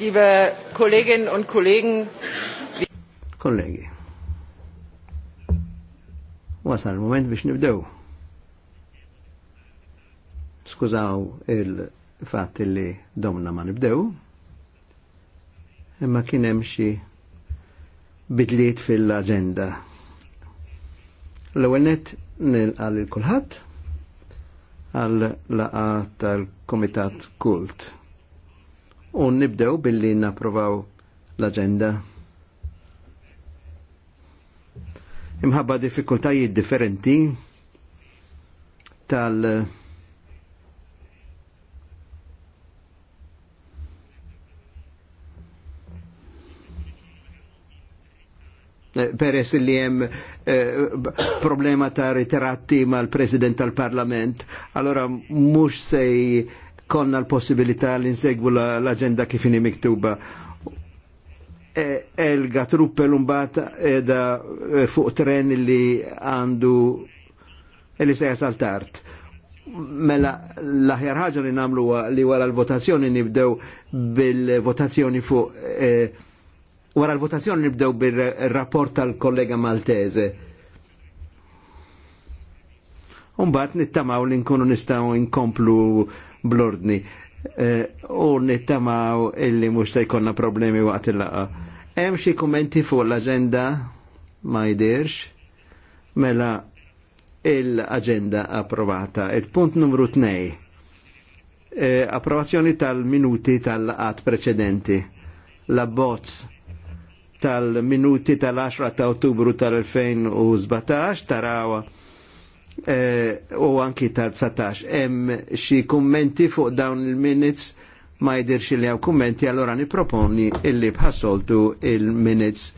liebe Kolleginnen und Kollegen. Kollegi. Wasal il-moment biex nibdew. Skużaw il fat li domna ma nibdew. Imma kien hemm xi bidliet fil-aġenda. L-ewwel net nilqal il kulħadd għal laqa tal-Kumitat Kult u nibdew billi napprovaw l-agenda. Imħabba diffikultajiet differenti tal eh, peress li jem eh, problema ta' riteratti mal-President tal-Parlament, allora mux sej konna l-possibilità li nsegwu l-agenda kif kifini miktuba. E, Elga truppel umbat edha e, fuq tren li għandu e li se saltart. Mela l-aħjar ħaġa li namlu li wara l-votazzjoni nibdew bil-votazzjoni fuq e, wara l-votazzjoni nibdew bil-rapport tal-kollega Maltese. Umbat nittamaw li nkunu nistaw inkomplu blordni e, u nittamaw illi mux se jkonna problemi waqt il-laqa. Hemm xi kummenti fuq l-aġenda ma jdirx mela l-aġenda approvata. Il-punt numru 2. E, approvazzjoni tal-minuti tal laqat precedenti. La bozz tal-minuti tal-10 ta' ottubru tal-2017 tarawa Eh, u anki tal-19. Hemm xi kummenti fuq dawn il-minutes ma jidirx li għaw kummenti, allora niproponi illi bħasoltu il-minutes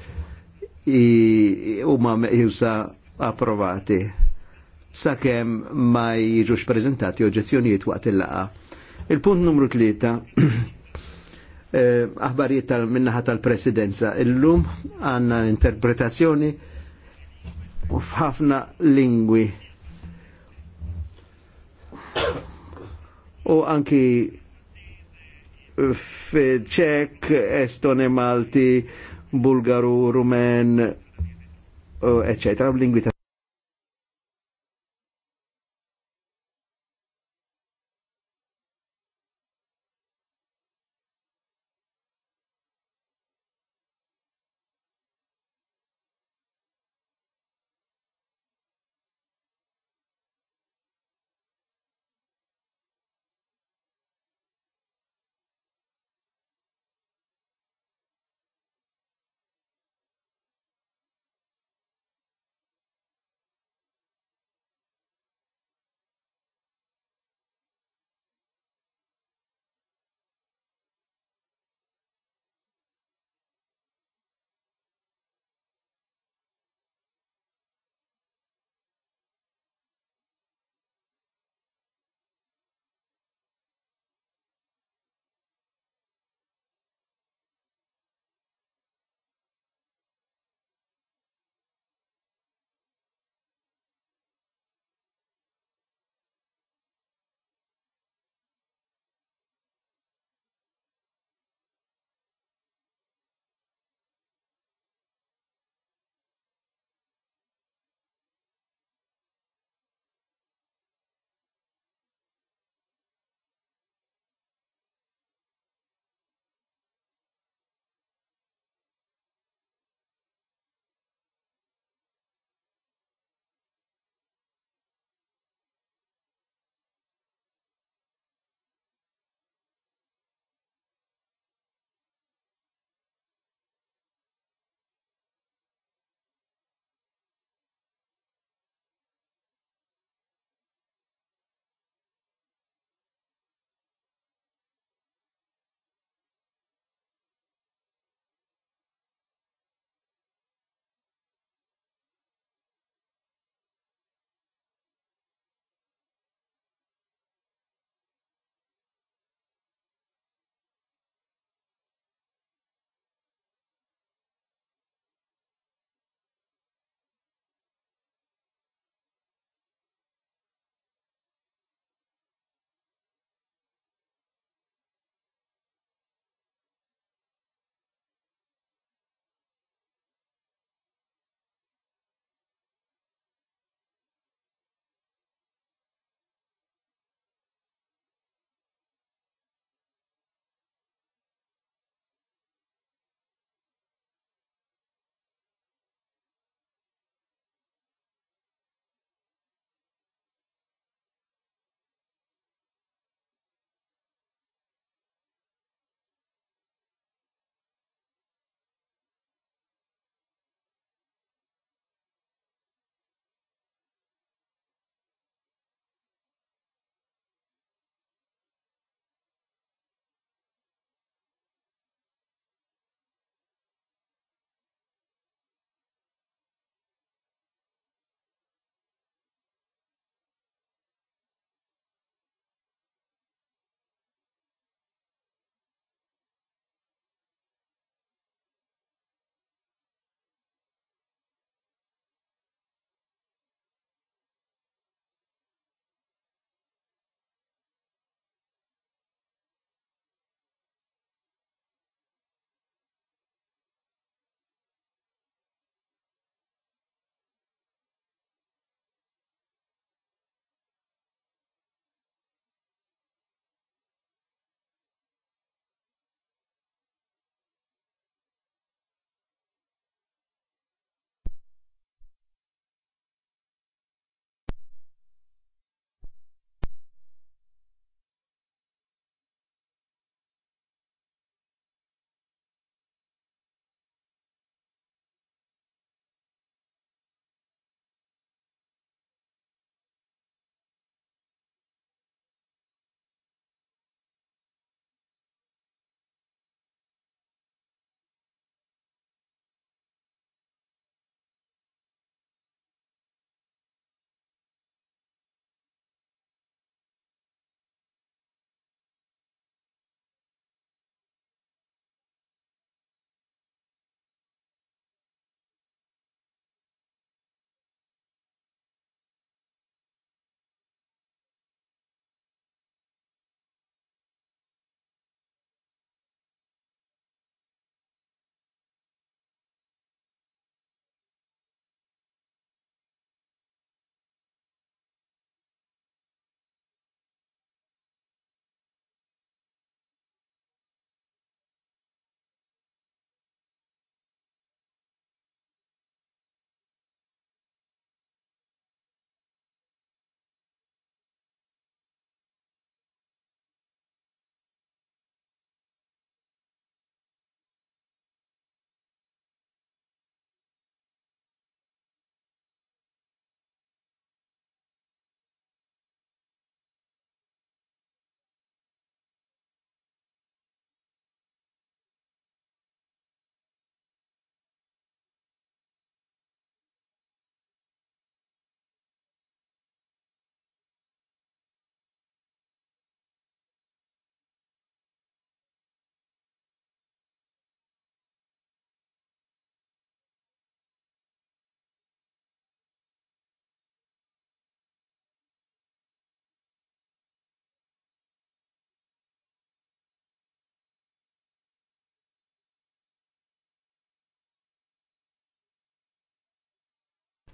u ma jusa approvati sakem ma jiġux prezentati oġezzjonijiet waqt il-laqa. Il-punt numru tlieta eh, aħbarijiet tal-minnaħa tal-presidenza. Illum għanna interpretazzjoni f'ħafna lingwi u anki ċek, Estone, Malti, Bulgaru, Rumen, eh, eccetera, lingwi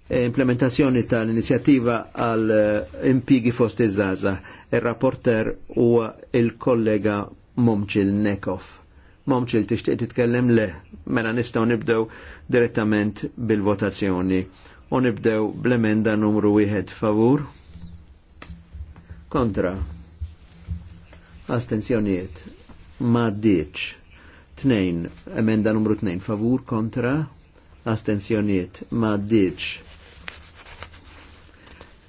implementazzjoni tal-inizjattiva għal eh, impigi fost iż-żaza. Il-rapporter huwa il-kollega Momċil Nekov. Momċil tixtieq titkellem le, mela nistgħu nibdew direttament bil-votazzjoni. U nibdew bl-emenda numru wieħed favur. Kontra. Astenzjonijiet. Ma Tnejn, emenda numru tnejn favur kontra. Astenzjonijiet. Ma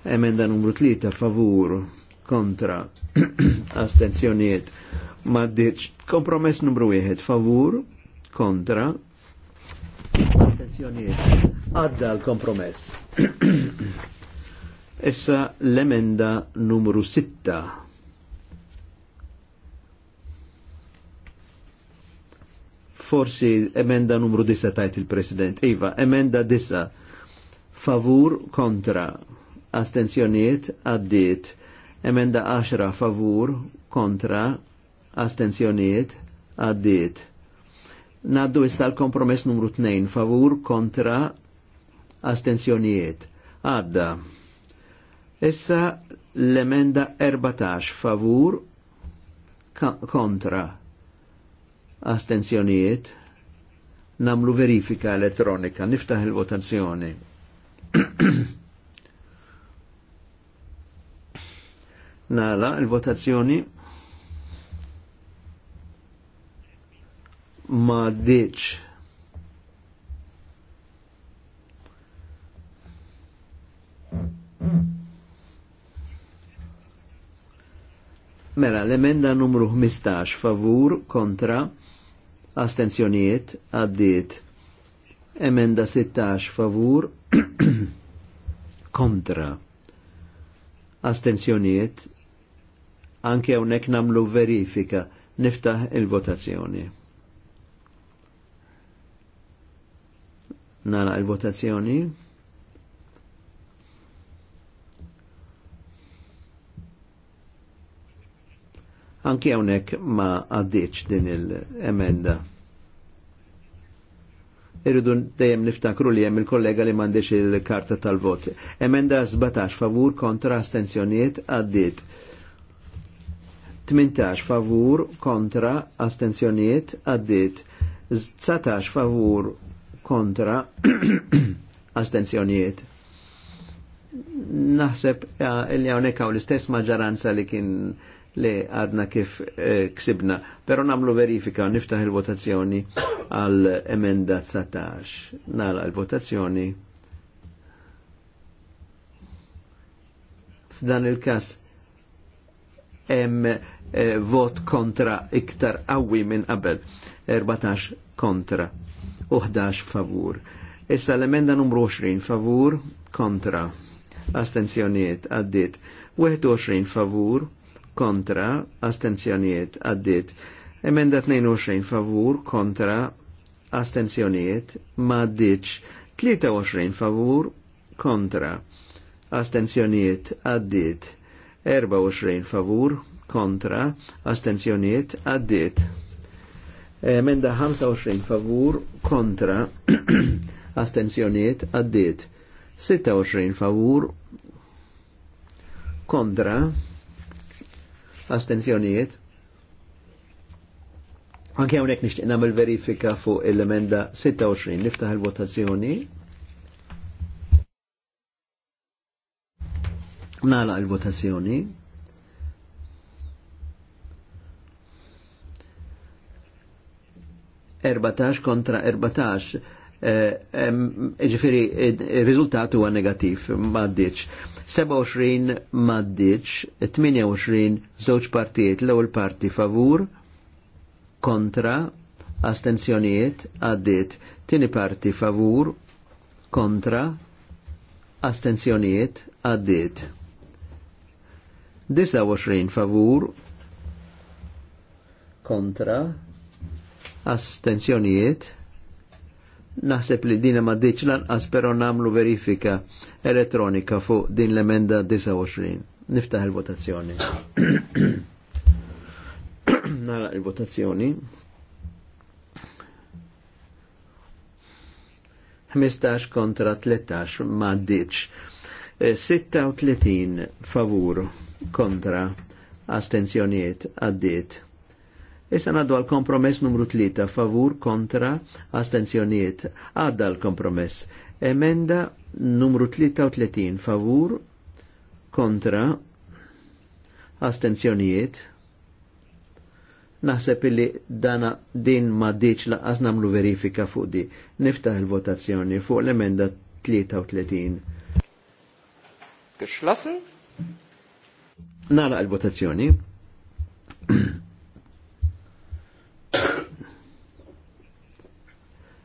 Emenda numru 3 favur kontra astenzjoniet maddiċ. Kompromess numru 1 favur kontra astenzjoniet għadda l-kompromess. Issa l-emenda numru 6 forsi emenda numru 10 tajt il-President. Iva, emenda 10. Favur kontra astenzjoniet għaddit. Emenda 10 favur kontra astenzjoniet għaddit. Naddu issa l-kompromess numru 2 favur kontra astenzjonijiet. Għadda. Issa l-emenda 14 favur kontra astenzjonijiet namlu verifika elettronika, niftaħ il-votazzjoni. Nala, il-votazzjoni ma ditx. Mela, l-emenda numru 15 favur kontra astenzjonijiet għaddiet. Emenda 16 favur kontra astenzjonijiet anke hawnhekk namlu verifika niftaħ il-votazzjoni. Nara il-votazzjoni. Anki hawnhekk ma għaddiċ din il-emenda. Irridu dejjem niftakru li hemm il-kollega li m'għandix il-karta tal-vot. Emenda 17 favur kontra astenzjonijiet għaddiet. 18 favur kontra astenzjoniet għaddit 19 favur kontra astenzjoniet naħseb li hawnhekk hawn l-istess maġġoranza li kien li għadna kif eh, ksibna. Pero namlu verifika u niftaħ il-votazzjoni għal emenda 19. Nala il-votazzjoni. F'dan il-kas hemm Eh, vot kontra iktar qawwi minn qabel, 14 kontra u 11 favur. Issa l-emenda numru 20 favur kontra astenzjoniet għaddit 21 favur kontra astenzjoniet għaddit emenda 22 favur kontra astenzjoniet ma għaddiċ 23 favur kontra astenzjoniet għaddit 24 favur kontra, astenzjoniet, għaddit. Emenda 25 favur, kontra, astenzjoniet, għaddit. 26 favur, kontra, astenzjoniet. Anke hawnhekk nixtieq nagħmel verifika fuq il emenda 26 niftaħ il-votazzjoni. Nala il-votazzjoni. il votazzjoni il votazzjoni nala il votazzjoni 14 kontra 14 eh, ġifiri il-rizultat eh, huwa negativ maddiċ. 27 maddiċ, 28 żewġ partijiet l-ewwel parti favur kontra astenzjonijiet għaddiet, tieni parti favur kontra astenzjonijiet għaddiet. 29 favur kontra astenzjonijiet naħseb li dina ma ditx lanqas pero namlu verifika elettronika fuq din l-emenda 29. Niftaħ il-votazzjoni. Nara il-votazzjoni. 15 kontra 13 ma ditx. 36 eh, favur kontra astenzjoniet għaddiet. Issa naddu għal kompromess numru 3, favur kontra astenzjoniet. Għadda l-kompromess. Emenda numru 33, favur kontra astenzjoniet. Naħseb illi dana din ma diċ laqqas namlu verifika fuq di. Niftaħ il-votazzjoni fuq l-emenda 33. Geschlossen? Nara il-votazzjoni.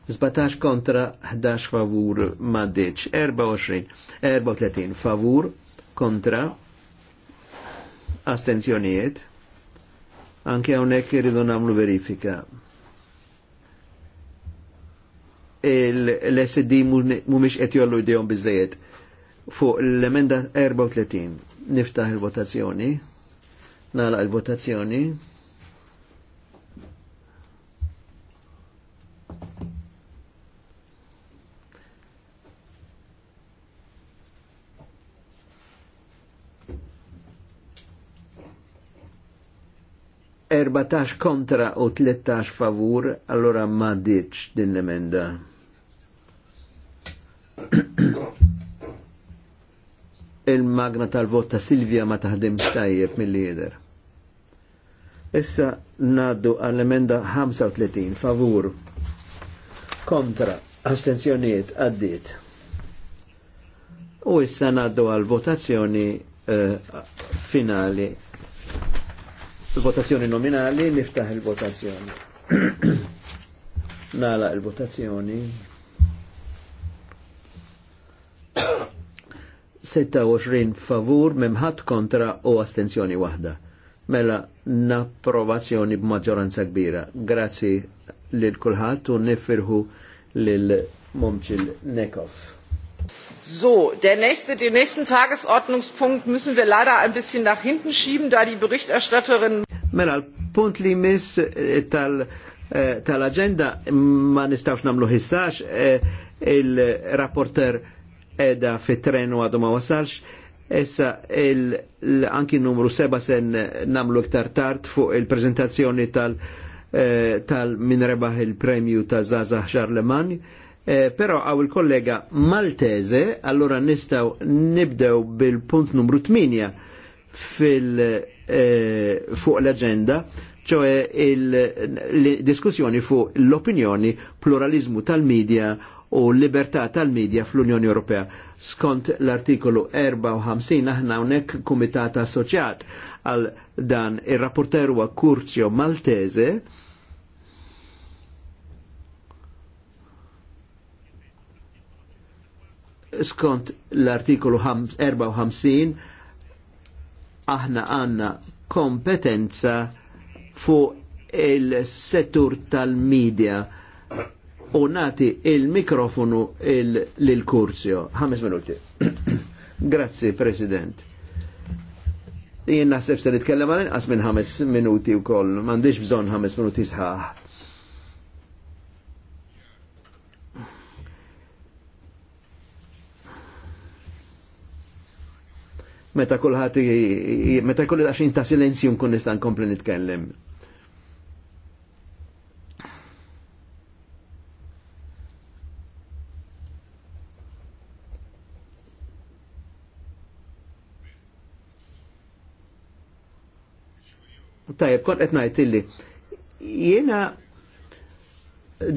17 kontra 11 favur maddiċ, 24, 34 favur kontra astenzjonijiet, anke hawnhekk irridu nagħmlu verifika. L-SD mhumiex qed jollu jdejhom biżejjed fuq l-emenda 34. Niftaħ il-votazzjoni, nagħlaq il-votazzjoni. il votazzjoni nagħlaq il votazzjoni 14 kontra u 13 favur, allora ma ditx din l-emenda. Il-magna tal-vot ta' Silvia ma taħdim tajjeb mill-lider. Issa naddu għall-emenda 35 favur kontra astenzjoniet għaddit. U issa naddu għal votazzjoni uh, eh, finali votazzjoni nominali, niftaħ il-votazzjoni. Nala il-votazzjoni. 26 favur, memħat kontra u astenzjoni wahda. Mela napprovazzjoni b'maġġoranza kbira. Grazzi lil kulħadd u nifirħu lil Momċil Nekov. So, der nächste, den nächsten Tagesordnungspunkt müssen wir leider ein bisschen nach hinten schieben, da die Berichterstatterin Mela, l-punt li miss eh, tal- eh, agenda ma nistawx namlu hissax eh, il-rapporter edha fit-tren u għadu ma wasalx. Issa anki numru seba sen namlu iktar tard fuq il-prezentazzjoni tal- tal min rebaħ il-premju ta' Zaza Charlemagne. pero għaw il-kollega Malteze, allora nistaw nibdew bil-punt numru 8 fil- Eh, fuq l-agenda, ċoħe il-diskussjoni fuq l-opinjoni, pluralizmu tal-medja u libertà tal-medja fl-Unjoni Ewropea. Skont l-artikolu 54 aħna hawnhekk kumitat assoċjat għal dan ir-rapporter huwa Kurzio Maltese. Skont l-artikolu 54 aħna għanna kompetenza fuq il-settur tal-medja u nati il-mikrofonu l-kurzio. Ħames minuti. Grazzi, President. Jien naħseb se nitkellem għal inqas minn ħames minuti wkoll, m'għandix bżonn ħames minuti sħaħ meta kulħadd meta kulli għaxin ta' silenzju nkun nista' nkompli nitkellem. Tajjeb, kon qed ngħid illi jiena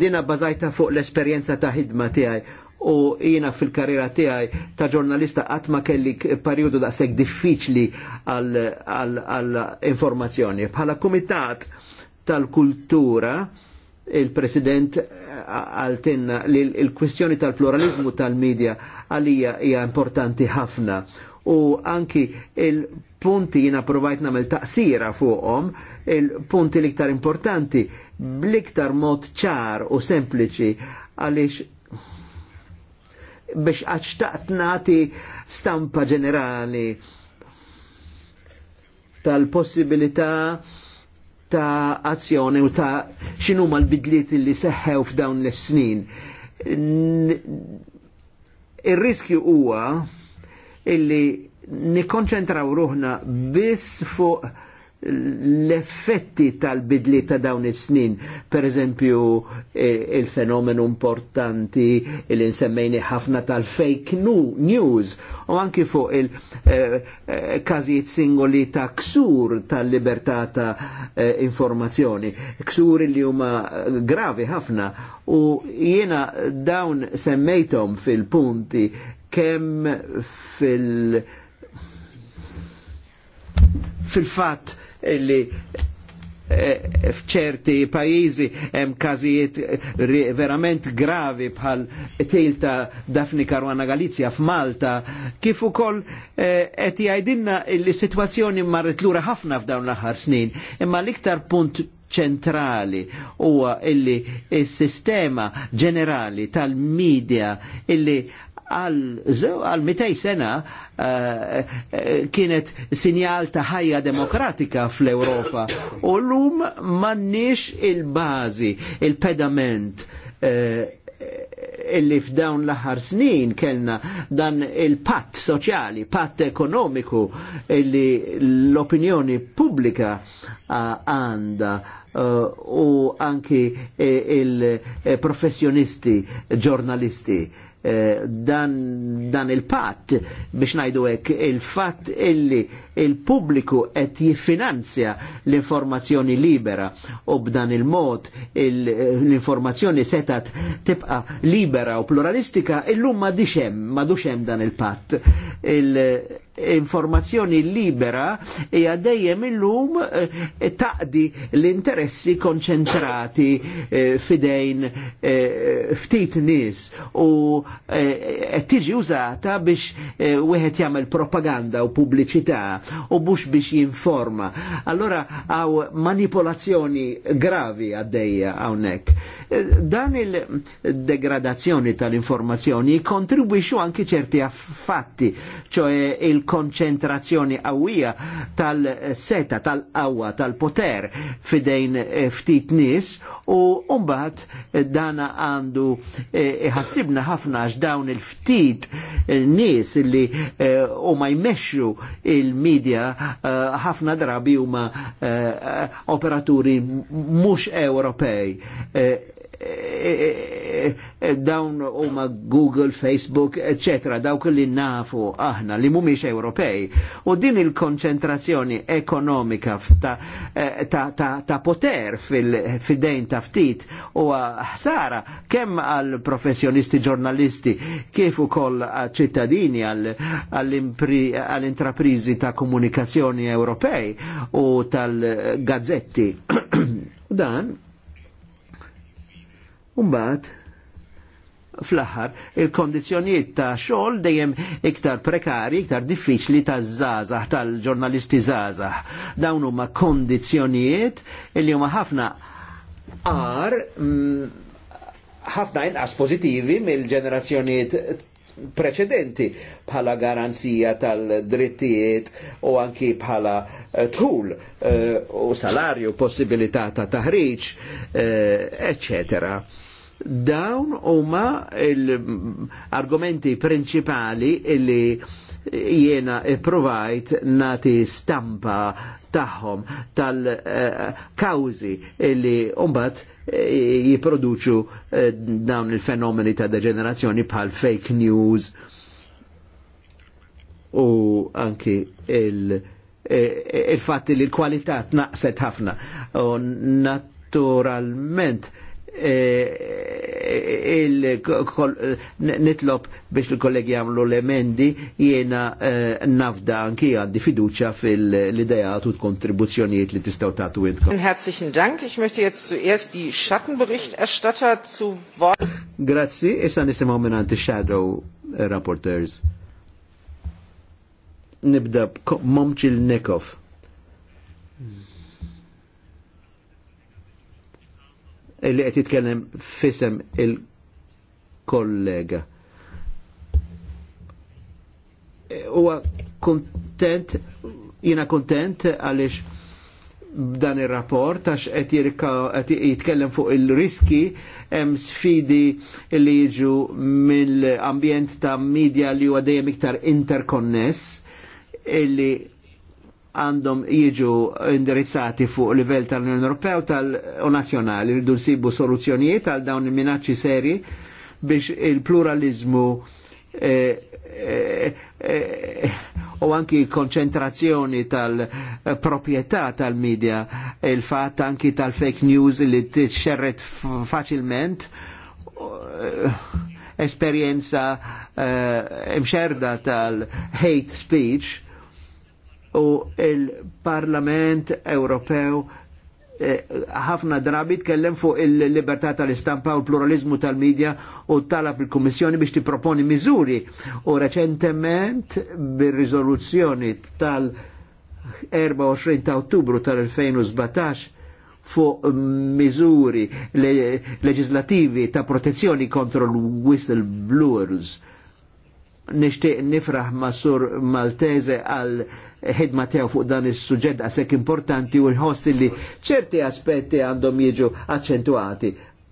dina bażajta fuq l-esperjenza ta' ħidma tiegħi u jina fil-karriera tiegħi ta' ġurnalista qatt ma periodu da' sekk diffiċli għal informazzjoni. Bħala Komitat tal-kultura il-President għaltinna li l-kwistjoni tal-pluralizmu tal-medja għalija hija importanti ħafna u anki il-punti jina provajt namel taqsira fuqhom, il-punti l-iktar importanti bl-iktar mod ċar u sempliċi għaliex biex għadxtaqt nati stampa ġenerali tal-possibilità ta' azzjoni u ta' xinu ma' l-bidliet li seħħew f'dawn l-snin. Il-riskju huwa illi nikonċentraw ruħna biss fuq l-effetti tal-bidli ta' dawn is-snin, per eżempju e, il-fenomenu importanti il insemmejni ħafna tal-fake news u anki fuq il-każijiet e, e, singoli ta' ksur tal-libertà ta' informazzjoni, ksur li huma gravi ħafna u jiena dawn semmejtom fil-punti kemm fil-, -punti, kem fil fil-fatt li eh, fċerti pajizi hemm każijiet eh, verament gravi bħal tejl ta' Dafni Karwana Galizja f'Malta, kif ukoll eh, qed jgħidilna li sitwazzjoni marret lura ħafna f'dawn l-aħħar snin, imma l-iktar punt ċentrali huwa illi s-sistema ġenerali tal-medja illi għal għal mitej sena uh, kienet sinjal ta' ħajja demokratika fl-Europa u l-lum mannix il-bazi, il-pedament eh, illi f'dawn l-aħħar snin kellna dan il-patt soċjali, patt ekonomiku illi l-opinjoni pubblika għanda u anki il-professjonisti, ġurnalisti Eh, dan, dan il pat biex najdu hekk il fat illi il-pubbliku qed jiffinanzja l-informazzjoni libera u b'dan il-mod l-informazzjoni setat tibqa libera u pluralistika illum ma dixem ma duxem dan il-patt. il pat informazzjoni libera hija dejjem illum eh, taqdi l-interessi konċentrati eh, fidejn eh, ftit nis u tiġi użata biex wieħed jagħmel propaganda u pubbliċità u mhux biex jinforma. Allora għaw manipolazzjoni gravi għaddejja hawnhekk. Dan il-degradazzjoni tal-informazzjoni kontribwixxu anki ċerti affatti, ċoe il konċentrazzjoni qawwija tal-seta, tal-qawwa, tal-poter fidejn eh, ftit nis u mbagħad eh, dana għandu eh, iħassibna ħafna għax dawn il-ftit nis li huma jmexxu il-medja ħafna drabi huma operaturi mhux Ewropej dawn huma Google, Facebook, etc. dawk li nafu aħna li mhumiex Ewropej. U din il-konċentrazzjoni ekonomika ta', eh, ta, ta, ta poter fil-dejn ta' ftit u ħsara kemm għal professjonisti ġurnalisti kif ukoll ċittadini għall-intraprizi ta' komunikazzjoni Ewropej u tal-gazzetti. Dan, Umbat, fl-aħħar, il kondizjoniet ta' xogħol dejjem iktar prekari, iktar diffiċli ta' zazah, tal-ġurnalisti zazah. Dawn huma kondizjonijiet li huma ħafna ar mm, ħafna inqas pozitivi mill-ġenerazzjonijiet preċedenti bħala garanzija tal-drittijiet u anki bħala eh, tħul eh, u salarju, possibilità ta' taħriġ, eh, eccetera Dawn huma l-argumenti principali li jiena provajt nati stampa tagħhom tal-kawzi li umbat eh, jiproduċu eh, dawn il-fenomeni ta' degenerazzjoni bħal fake news u anki il- eh, il-fatti li l-kwalità naqset ħafna. Naturalment, Eh, eh, nitlob biex l kollegi għamlu l-emendi jena eh, nafda anki għaddi fiduċa fil ideja u kontribuzzjonijiet li tistaw tatu idkom. Herzlichen Dank. Ich möchte jetzt zuerst die Schattenberichterstatter zu Wort. Grazzi, issa nisimaw minnanti shadow rapporteurs. Nibda Momchil Nekov. li qed jitkellem fisem il-kollega. Huwa kontent, jiena kontent għaliex dan ir-rapport għax qed jitkellem fuq il-riski hemm sfidi li jiġu mill-ambjent ta' media li huwa dejjem iktar interkonness illi għandhom jiġu indirizzati fuq livell tal-Unjoni Ewropew tal u Nazzjonali rridu nsibu soluzzjonijiet għal dawn il minaċċi seri biex il-pluralizmu eh, eh, eh, u anki konċentrazzjoni tal-propietà tal-medja, il-fat anki tal-fake news li t-xerret faċilment esperienza uh, imxerda tal-hate speech u il-Parlament Ewropew eh, ħafna drabi tkellem fuq il-libertà tal-istampa u l-pluralizmu tal-medja u talab il-Kummissjoni biex tiproponi miżuri. U reċentement bir-riżoluzzjoni tal-24 ta' Ottubru tal-2017 fuq miżuri leġislativi ta' protezzjoni kontra l-whistleblowers. Nishtiq nifraħ ma' sur Maltese għal ħidma tew fuq dan is-suġġett għasek importanti u jħoss li ċerti aspetti għandhom jiġu accentuati.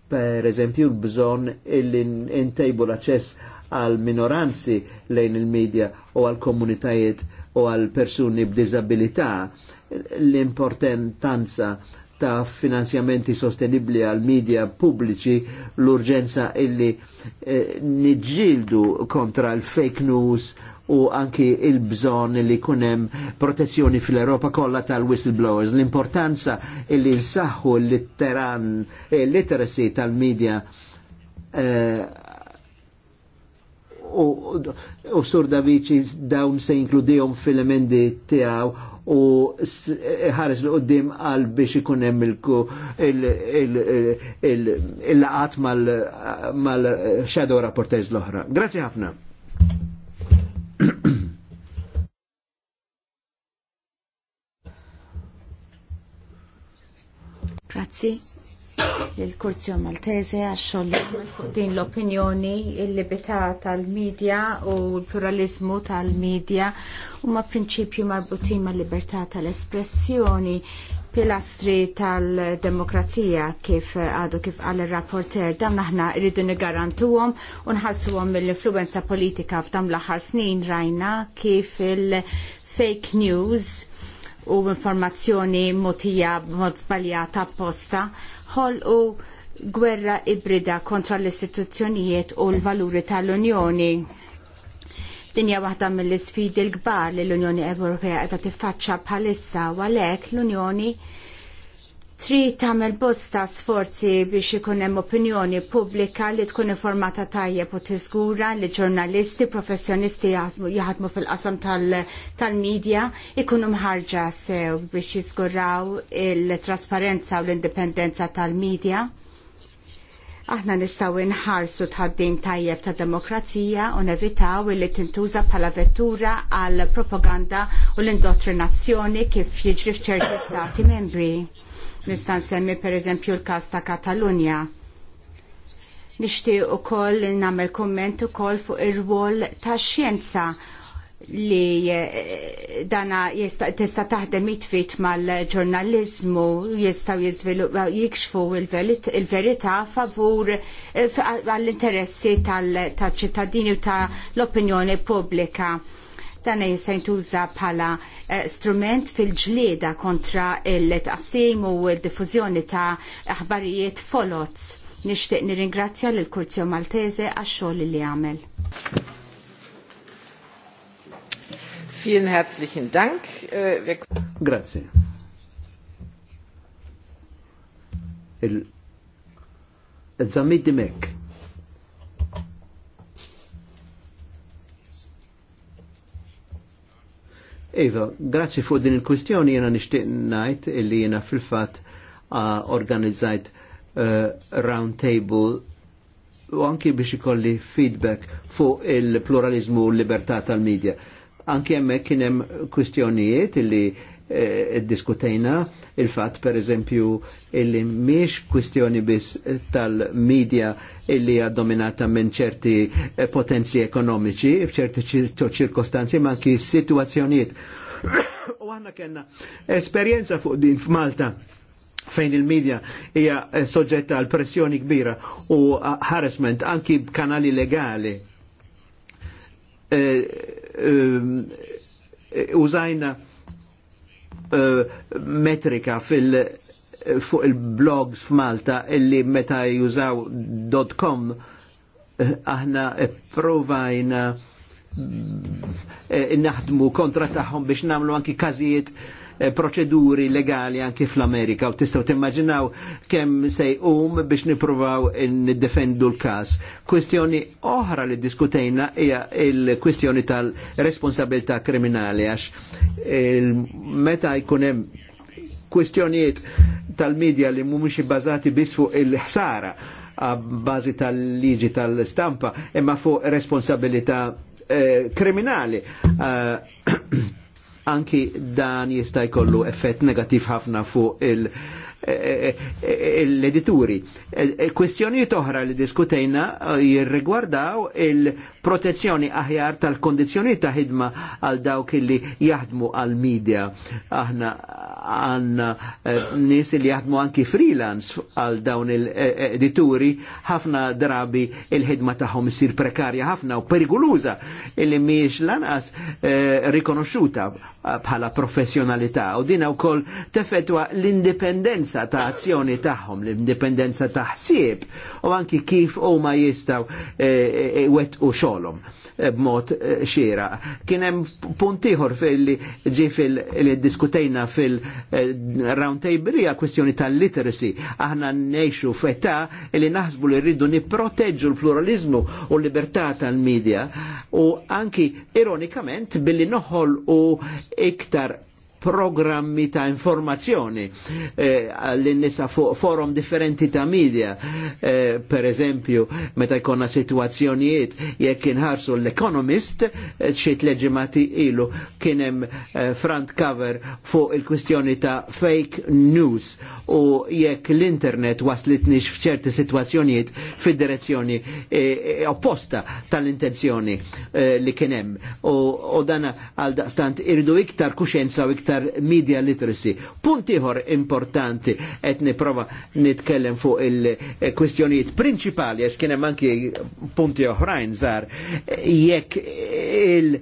Per eżempju l-bżon illi intejbu l-aċċess għal minoranzi lejn il-medja u għal komunitajiet u għal persuni b'dizabilità l-importanza ta' finanzjamenti sostenibli għal media pubbliċi l-urġenza illi eh, niġġildu kontra l-fake news u anki il-bżon li kunem protezzjoni fil-Europa kollha tal-whistleblowers. L-importanza li nsaħħu l-litteran, eh, literacy tal-medja eh, u Sur Davici dawn se inkludijom fil-emendi tijaw u eh, ħares li qoddim għal biex ikun hemm il-laqat mal-shadow rapporters l-oħra. Grazie ħafna. Grazzi l-Kurzjon Maltese għaxxol din l-opinjoni, il-libertà tal-medja u l-pluralizmu tal-medja huma prinċipju marbutin mal libertà tal-espressjoni pilastri tal-demokrazija kif għadu kif għal rapporter dan aħna rridu nigarantuhom u nħassuhom mill-influenza politika f'dam l-aħħar snin rajna kif il-fake news u informazzjoni motija mod żbaljata apposta ħolqu gwerra ibrida kontra l-istituzzjonijiet u l-valuri tal-Unjoni Dinja waħda mill-isfidi l-kbar li l-Unjoni Ewropea qiegħda tiffaċċa bħalissa u għalhekk l-Unjoni trid tagħmel bosta sforzi biex ikun hemm opinjoni pubblika li tkun informata tajjeb u tiżgura li ġurnalisti professjonisti jaħdmu fil-qasam tal-medja ikunu mħarġa sew biex jiżguraw il-trasparenza u l-indipendenza tal-medja. tal medja Aħna nistaw inħarsu tħaddim tajjeb ta' demokrazija u nevitaw li tintuża bħala vettura għal propaganda u l-indottrinazzjoni kif jiġri f'ċerti stati membri. Nista' nsemmi pereżempju l-każ ta' Katalunja. Nixtieq ukoll nagħmel kommentu ukoll fuq ir-rwol tax xjenza li eh, dana tista taħdem jitfit mal-ġurnalizmu jistaw jikxfu il-verità favur eh, għall-interessi tal-ċittadini u tal-opinjoni pubblika. Dana jista jintuża bħala eh, strument fil-ġlieda kontra il taqsim u l-diffużjoni ta' aħbarijiet folots. Nixtieq nirringrazzja lill kurzio Maltese għax-xogħol li għamel. Vielen herzlichen Dank. Äh, grazie. Il Zamid Dimek. Iva, grazzi fuq din il-kwistjoni jena nishtiq najt illi jena fil-fat organizzajt e, round table u anki biex ikolli feedback fuq il-pluralizmu u l-libertà tal-medja. Anki jemmek kienem kustjonijiet illi eh, diskutejna il-fat per eżempju illi miex kustjoni bis tal-medja illi dominata minn ċerti eh, potenzi ekonomiċi f'ċerti ċirkostanzi ma anki situazzjonijiet. U għanna kena esperienza fuq din f'Malta fejn il-medja hija eh, soġġetta għal pressjoni kbira u harassment anki b'kanali legali. E, Um, użajna uh, metrika fil- fuq il-blogs f'Malta illi meta jużaw .com aħna provajna eh, naħdmu kontra tagħhom biex namlu anki każijiet Eh, proċeduri legali anki fl-Amerika u tistaw timmaġinaw kem sej um biex nipruvaw defendu l-kas. Kwestjoni oħra li diskutejna hija il-kwestjoni tal responsabilta kriminali għax meta jkunem hemm kwestjonijiet tal-medja li mhumiex bazati biss fuq il-ħsara bazi tal-liġi tal-stampa imma fuq responsabilita eh, kriminali. Uh, anki dan jista' jkollu effett negattiv ħafna fuq il- l-edituri. E, e, kwestjonijiet oħra li diskutejna e, jirregwardaw il-protezzjoni aħjar tal-kondizjoni ta' ħidma għal dawk li jaħdmu għal media Aħna għanna nis li jaħdmu anki freelance għal dawn il-edituri ħafna drabi il-ħidma tagħhom isir prekarja ħafna u perikoluża illi miex lanqas rikonoxxuta bħala professjonalità u dina wkoll tefetwa l-indipendenza indipendenza ta' azzjoni tagħhom, l-indipendenza ta' ħsieb u anki kif huma jistgħu eh, eh, eh, u xogħolhom b'mod xiera. Kien hemm punt ieħor li ġie fil diskutejna fil-round table hija kwestjoni tal-literacy. Aħna ngħixu f'età li naħsbu li rridu nipproteġġu l-pluralizmu u l-libertà tal-medja u anki ironikament billi noħol u iktar programmi ta' informazzjoni għall-nisa eh, fuq forum differenti ta' media, eh, per eżempju, meta jkonna situazzjonijiet jekk inħarsu l-Economist, eh, xiet leġimati ilu kienem front cover fuq il-kwistjoni ta' fake news u jekk l-internet waslitnix f'ċerti situazzjonijiet fid-direzzjoni opposta tal-intenzjoni li kienem. U dana għal daqstant irridu iktar kuxenza u iktar iktar media literacy. Punt ieħor importanti qed niprova nitkellem fuq il-kwistjonijiet prinċipali għax kien hemm anki punti oħrajn żar jekk il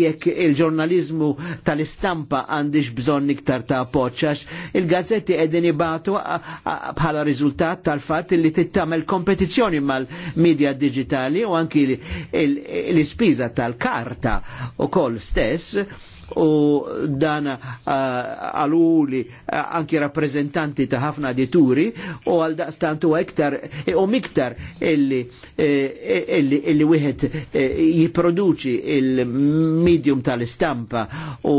jekk il-ġurnalizmu tal-istampa għandix bżonn iktar ta' appoġġ il-gazzetti qegħdin ibatu bħala riżultat tal-fatt li tittamel kompetizzjoni mal-medja digitali u anki l-ispiża tal-karta u stess u dan eh, għaluli eh, anki rappresentanti ta' ħafna dituri u għal daqstantu iktar eh, u miktar illi illi wieħed jiproduċi il-medium tal-istampa u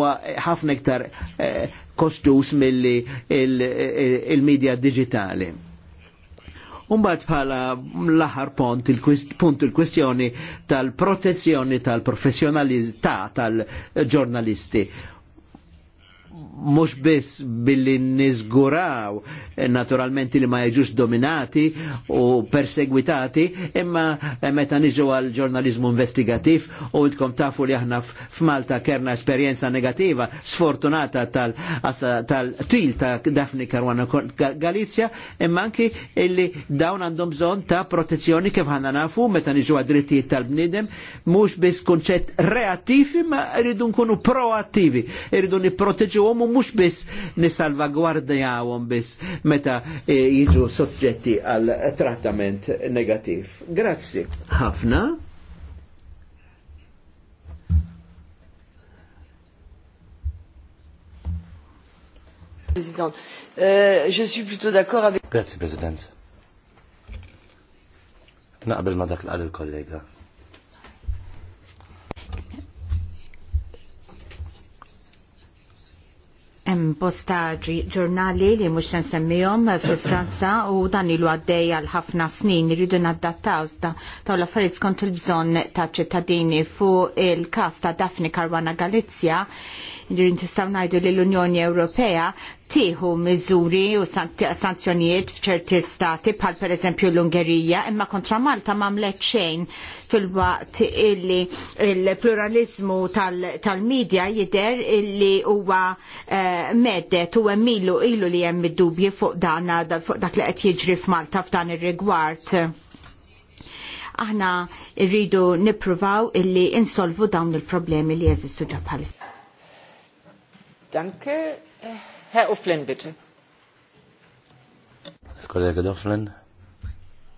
ħafna iktar kostus mill-medja digitali. Umbat bħala l-aħar punt il-kwestjoni tal-protezzjoni tal-professjonalità tal-ġurnalisti. tal professjonalità tal ġurnalisti mux biss billi nizguraw eh, naturalment li ma jġux dominati u perseguitati imma eh, meta niġu għal ġurnalizmu investigativ u idkom tafu li aħna f'Malta kerna esperienza negativa sfortunata tal-til ta' Dafni Karwana Galizja imma anki illi dawn għandhom bżon ta' protezzjoni kif ħanna nafu meta niġu drittijiet tal-bnidem mux biss kunċett reattiv imma rridu nkunu proattivi rridu niproteġu nħarsuhom u mhux biss nissalvagwardjawhom bis meta e, jiġu soġġetti għal trattament negativ. Grazzi ħafna. Président. Euh, je suis plutôt d'accord avec... Merci, Président. Naqbel ma dak l-għal il-kollega. Hemm bosta ġurnali li mhux se nsemmihom fil Franza u dan ilu għaddej għal ħafna snin irridu nadattaw da taw l-affarijiet skont il-bżonn ta' ċittadini fuq il-każ ta' Daphne Caruana Galizja Ġirin nistgħu najdu li l-Unjoni Ewropea tieħu miżuri u sanzjonijiet f'ċerti stati bħal pereżempju l-Ungerija imma kontra Malta m'għamlet xejn fil-waqt illi il-pluralizmu tal-medja jidher illi huwa eh, medet u hemm ilu ilu li hemm id-dubji fuq dan fuq dak li qed jiġri f'Malta f'dan ir-rigward. Aħna rridu nippruvaw illi insolvu dawn il-problemi li jeżistu ġabħalissa. Danke. Herr Ufflen, bitte. Il-kollega Dufflen,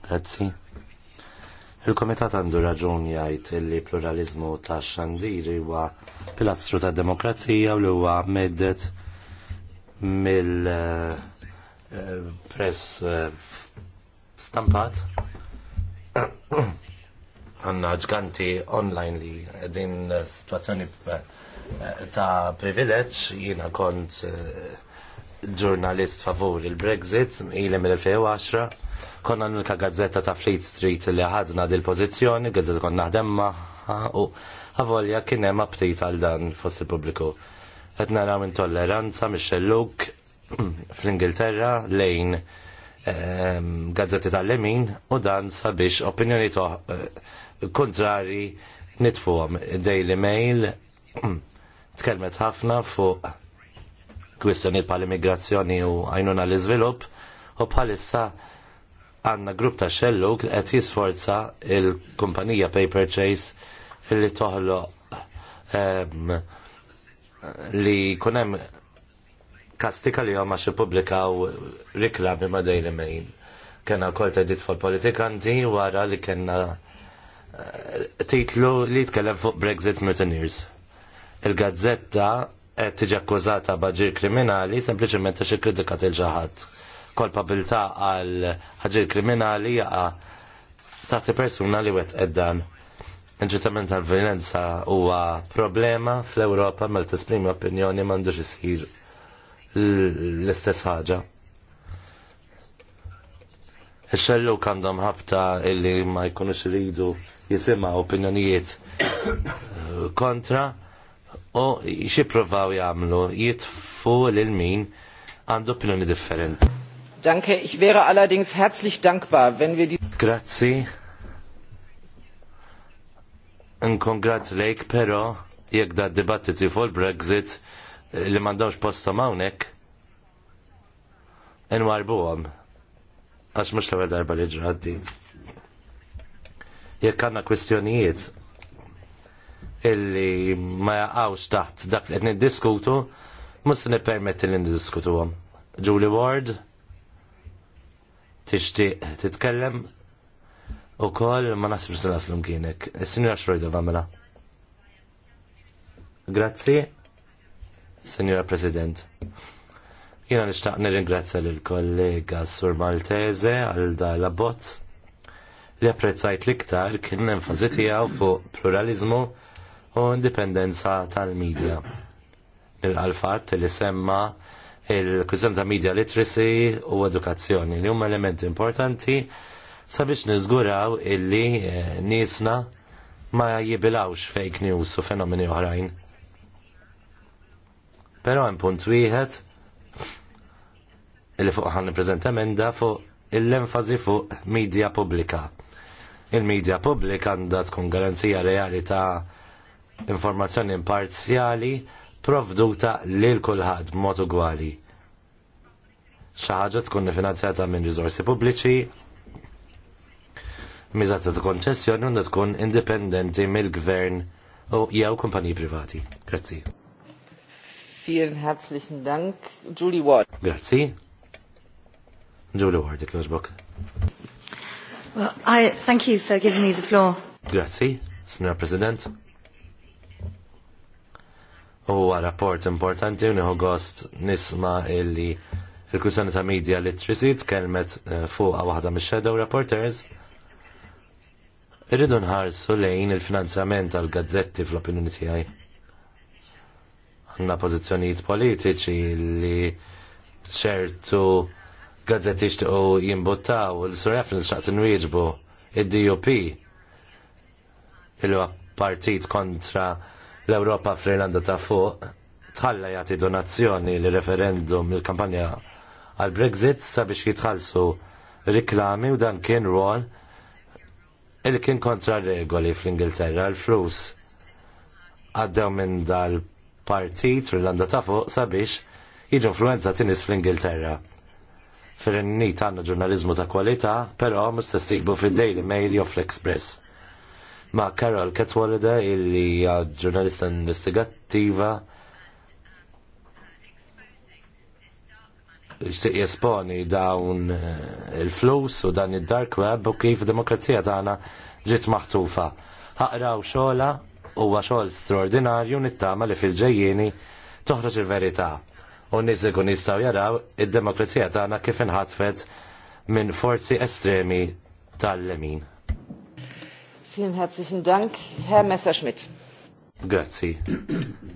grazzi. Il-komitat għandu raġun jgħid li pluralizmu ta' xandiri huwa pilastru ta' demokrazija u li huwa meddet mill-press eh, stampat għanna ġganti online li din situazzjoni eh, ta' privileġ jiena kont eh, ġurnalist favur il-Brexit ilem il-2010 konna nilka gazzetta ta' Fleet Street li ħadna dil pożizzjoni gazzetta konna ħdemma u għavolja kien hemm għal dan fost il-pubbliku. Qed naraw intolleranza mix-xelluk fl-Ingilterra lejn ehm, gazzetti tal-lemin u dan sabiex opinjoni eh, kontrari nitfuhom Daily Mail tkellmet ħafna fuq kwistjoniet bħal immigrazzjoni u għajnuna l-iżvilupp u bħalissa għanna grupp ta' xellu qed jisforza il-kumpanija Paper Chase li toħloq um, li kunem kastika li għom għax publikaw riklami ma' Daily Mail. Kena kol tedit fuq politikanti wara li kena eh, titlu li tkellem fuq Brexit Mutineers il-gazzetta qed tiġi akkużata b'aġir kriminali sempliċement għax ikkritikat il ġaħat Kolpabilità għal aġir kriminali jaqa' tagħti persuna li wet dan. Inġitament tal violenza huwa problema fl-Ewropa mel tesprimi opinjoni m'għandux isir l-istess ħaġa. ix kandom għandhom ħabta illi ma jkunux iridu jisima opinjonijiet eh, kontra u xiprovaw jgħamlu jitfu l min għandu opinjoni differenti. Danke, ich wäre allerdings herzlich dankbar, wenn wir die Grazie. Grazzi. Nkongratlejk, pero, jek da dibattiti fuq il-Brexit eh, li m'għandhomx postom hawnhekk inwarbuhom għax mhux l-ewwel darba li ġraddi. Jek għandna kwestjonijiet, illi ma jaqgħux taħt dak li qed niddiskutu, mhux se nippermetti li niddiskutuhom. Julie Ward tixtieq titkellem ukoll ma nasib se naslum kienek. is Schroeder, għamela. Grazzi, Sinjora President. Jiena nir nirringrazzja lill kollega Sur Maltese għal dan l li apprezzajt l-iktar kien enfasi tiegħu fuq pluralizmu u indipendenza tal-medja. Il-għalfat li semma il-kużem ta' media literacy u edukazzjoni li huma elementi importanti sabiex niżguraw illi eh, nisna ma jibilawx fake news u fenomeni oħrajn. Pero hemm punt wieħed illi fuq ħan nippreżenta emenda fuq l-enfasi fuq media pubblika. Il-media pubblika għandha tkun garanzija reali ta' informazzjoni imparzjali provduta lil kulħadd b'mod ugwali. Xi ħaġa tkun finanzjata minn riżorsi pubbliċi, miżata ta' konċessjoni u tkun indipendenti mill-gvern u jew kumpaniji privati. Grazzi. Vielen herzlichen Dank, Julie Ward. Grazzi. Julie Ward, ikjożbok. Well, I thank you for giving me the floor. Grazzi, Signor President huwa rapport importanti u nieħu gost nisma illi il kusani ta' media li trisit kelmet eh, fuqa waħda mis shadow reporters. Irridu nħarsu lejn il-finanzjament tal-gazzetti fl-opinjoni tiegħi. Għandna pożizzjonijiet politiċi li ċertu gazzetti xtiqu jimbuttaw il-sur reference xaqt id-DUP il-partit kontra l-Ewropa fl-Irlanda ta' fuq tħalla jagħti donazzjoni li referendum il-kampanja għal Brexit sabiex jitħallsu riklami u dan kien rol il kien kontra regoli fl-Ingilterra l-flus għaddew minn dal-partit fl-Irlanda ta' fuq sabiex jiġu influenza tinis fl-Ingilterra. Fir-innit għandna ġurnalizmu ta' kwalità, però mhux se fid-Daily Mail jew fl-Express ma' Carol Katwalida illi hija ġurnalista investigattiva xtiq jesponi dawn eh, il-flus u dan id-dark web u kif demokrazija tagħna ġiet maħtufa. Ħaqraw xogħla huwa xogħol straordinarju nittama li fil-ġejjieni toħroġ il-verità. U nies ikun jistgħu jaraw id-demokrazija tagħna kif inħatfet minn forzi estremi tal-lemin. Vielen herzlichen Dank, Herr Messerschmidt. Grazzi.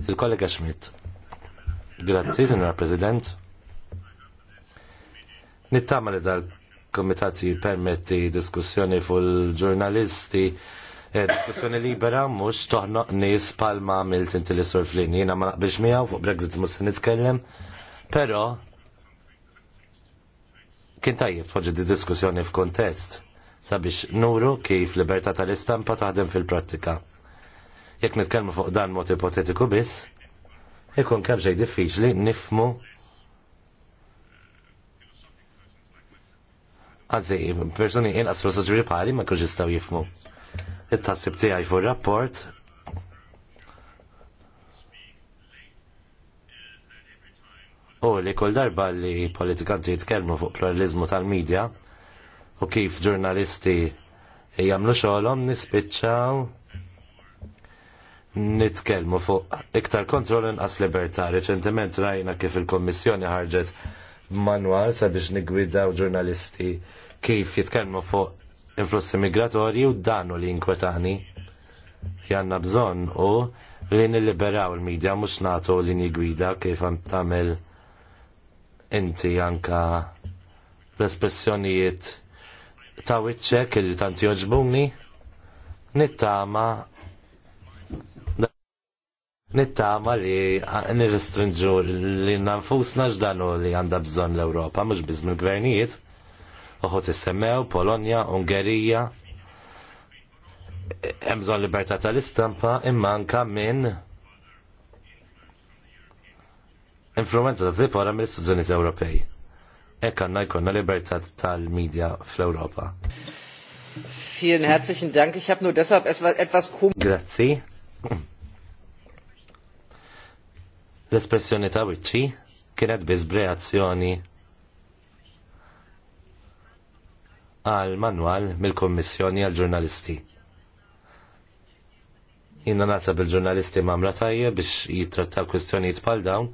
il collega Schmidt. Grazzi, Signora President. Nittama li dal-komitati permetti diskussjoni ful ġurnalisti e, diskussjoni libera mux toħnoq nis palma milt inti li surflin. ma naqbix miegħu fuq Brexit mus nitkellem, però kien tajjeb poġġi di diskussjoni f'kontest sabiex nuru kif libertà tal-istampa taħdem fil-prattika. Jekk nitkellmu fuq dan mod ipotetiku biss, ikun kemm xejn diffiċli nifmu Għazzi, personi inqas proċeduri pari ma kux jistgħu jifmu. It-tassib tiegħi fuq rapport U li kull darba li politikanti jitkellmu fuq pluralizmu tal-medja, u kif ġurnalisti jagħmlu xogħolhom nispiċċaw nitkellmu fuq iktar kontrol inqas libertà. Reċentement rajna kif il-Kommissjoni ħarġet manwal sabiex nigwidaw ġurnalisti kif jitkellmu fuq influssi migratorji u danu li jinkwetani. Janna bżonn u li nilliberaw il-medja mhux nagħtu li nigwida kif tagħmel inti anka l-espressjonijiet ta' witċek li tant joġbuni nittama nittama li nirrestrinġu li nanfusna ġdanu li għanda bżon l-Europa, mux bizm il-gvernijiet, uħu t-semmew, Polonja, Ungerija, emżon libertà tal-istampa, imma anka minn influenza ta' tipora mill-istituzzjoniet Ewropej ekkanna jkonna libertà tal-medja fl-Europa. Vielen herzlichen Dank. Ich habe nur deshalb etwas komisch. Grazzi. L-espressjoni ta' wiċċi kienet bizbreazzjoni għal manwal mill-Kommissjoni għal ġurnalisti. Inna nata bil-ġurnalisti mamra tajje biex jitrattaw kwistjonijiet bħal dawn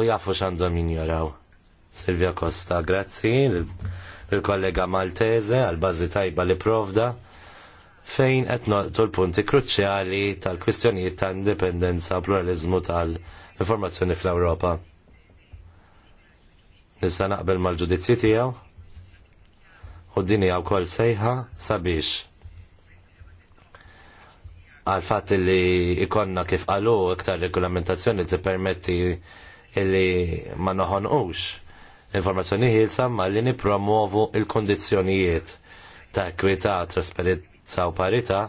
u jafu x'għandhom jinjoraw. Silvia Costa, grazzi il-kollega Maltese, għal bazzi tajba li provda fejn qed noqtu l-punti kruċjali tal-kwistjonijiet ta' indipendenza u pluralizmu tal-informazzjoni fl-Ewropa. Nista' naqbel mal-ġudizzji tiegħu u din hija wkoll sejħa sabiex għal fatt li ikonna kif qalu iktar regolamentazzjoni tippermetti li ma noħonqux l informazzjoni ħilsa ma li nipromovu il-kondizjonijiet ta' kwita, trasparenza u parità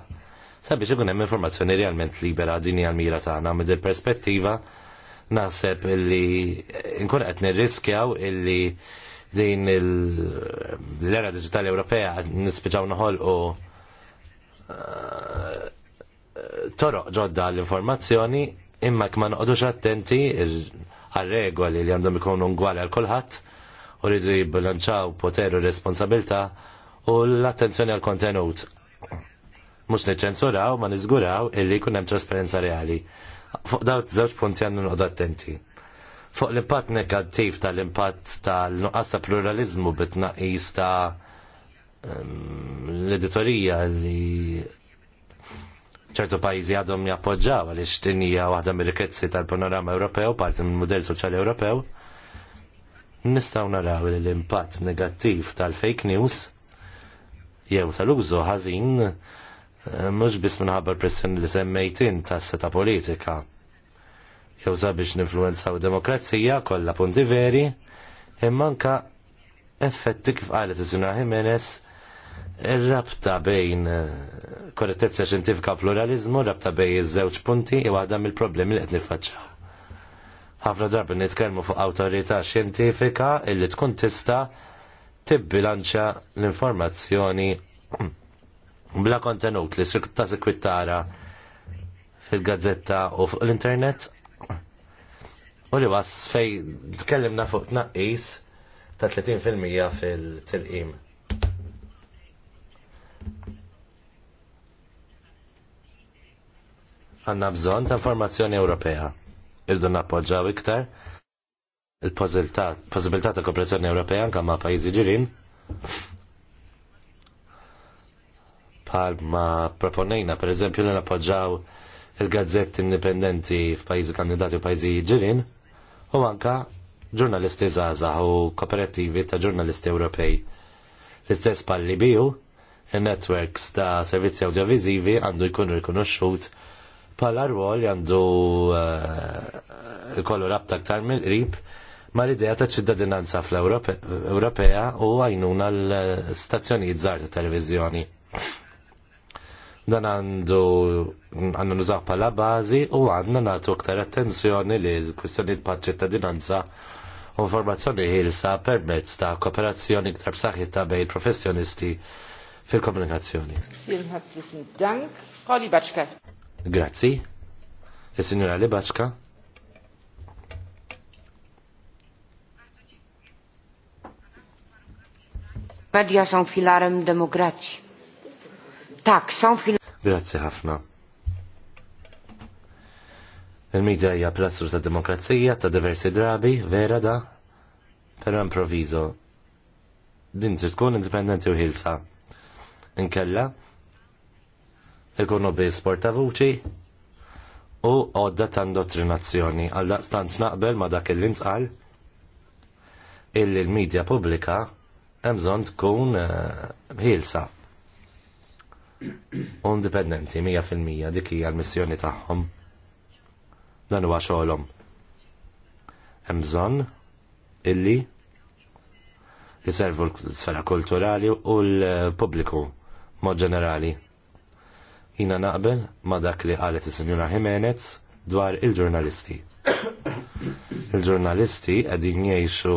sabiex ikun hemm informazzjoni realment libera din hija l-mira tagħna mid perspettiva naħseb illi nkun qed nirriskjaw illi din l-era diġitali Ewropea nispiġaw noħolqu eh, toroq ġodda l-informazzjoni imma kma noqogħdux attenti għal regoli li għandhom ikunu ngwali għal kulħadd u rridu jibbilanċaw poter u responsabilta u l-attenzjoni għal kontenut. Mux neċensuraw, ma nizguraw illi kun hemm trasparenza reali. Fuq daw żewġ punti għannu noqgħod attenti. Fuq l-impatt negattiv tal-impatt tal-nuqqas ta' pluralizmu bit-tnaqqis ta' l-editorija li ċertu pajjiżi għadhom jappoġġaw għaliex tinija waħda mir-rikezzi tal-panorama Ewropew, parti mill-mudell soċjali Ewropew Nistgħu naraw li l-impatt negattiv tal-fake news jew tal-użu ħażin eh, mhux biss minħabba pressjoni li semmejtin tas-seta politika jew sabiex ninfluenzaw demokrazija kollha punti veri imma anka effetti kif qalet iż-żuna Jimenez ir-rabta bejn eh, korrettezza xjentifika pluralizmu, rabta bejn iż-żewġ punti i waħda mill-problemi li qed niffaċċaw ħafna drabi nitkellmu fuq awtorità xjentifika illi tkun tista tibbilanċa l-informazzjoni bla kontenut li ta' sekwittara fil-gazzetta u fuq l-internet u li was fej tkellimna fuq tnaqqis ta' 30% fil-tilqim. Għanna bżon ta' informazzjoni Ewropea irdu nappoġġaw iktar il-possibilità ta' kooperazzjoni Ewropea anke ma' pajjiżi ġirien bħalma proponejna pereżempju li nappoġġaw il-gazzetti indipendenti f'pajjiżi kandidati u pajjiżi ġirien u anke ġurnalisti żgħażagħ u kooperattivi ta' ġurnalisti Ewropej. L-istess pal biju, il-networks ta' servizzi audiovisivi għandu jkunu rikonoxxut pala rwol għandu eh, kollu rabta aktar mill-qrib ma l-ideja ta' ċittadinanza fl-Ewropea u għajnuna l-stazzjonijiet żgħar ta' televizjoni. Dan għandu għandu nużaw pala bażi u għandna nagħtu aktar attenzjoni li l-kwistjonijiet pa' ċittadinanza u informazzjoni ħilsa permezz ta' kooperazzjoni b'saħħit ta' bejn professjonisti fil-komunikazzjoni. Vielen herzlichen Dank, Frau Libatschka. Grazzi. E signora e Media są filarem demokracji. Tak, są filarem... Grazie ħafna. il media hija plastru ta' demokrazija ta' diversi drabi, vera da, però improviso. Din tkun indipendenti u ħilsa. Inkella, ikunu biss sportavuċi u għodda ta' indottrinazzjoni. Għalla stant naqbel ma dak il intqal illi l-medja pubblika emżont tkun eh, ħilsa. u Indipendenti, 100% dik hija l-missjoni tagħhom. Dan huwa xogħolhom. Hemm bżonn illi jiservu l-sfera kulturali u l-pubbliku mod ġenerali. Jina naqbel ma dak li qalet is-Sinjura Jimenez dwar il-ġurnalisti. Il-ġurnalisti qegħdin jgħixu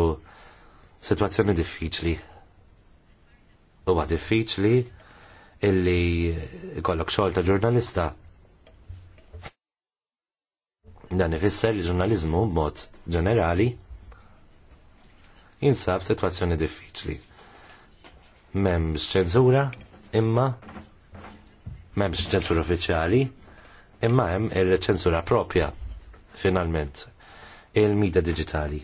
sitwazzjoni diffiċli. Huwa diffiċli illi kollok xogħol ta' ġurnalista. Dan ifisser li ġurnaliżmu b'mod ġenerali jinsab sitwazzjoni diffiċli. Mem ċenzura imma M'hemmx ċensura uffiċjali, imma hemm il-ċensura propja, finalment, il-mida digitali.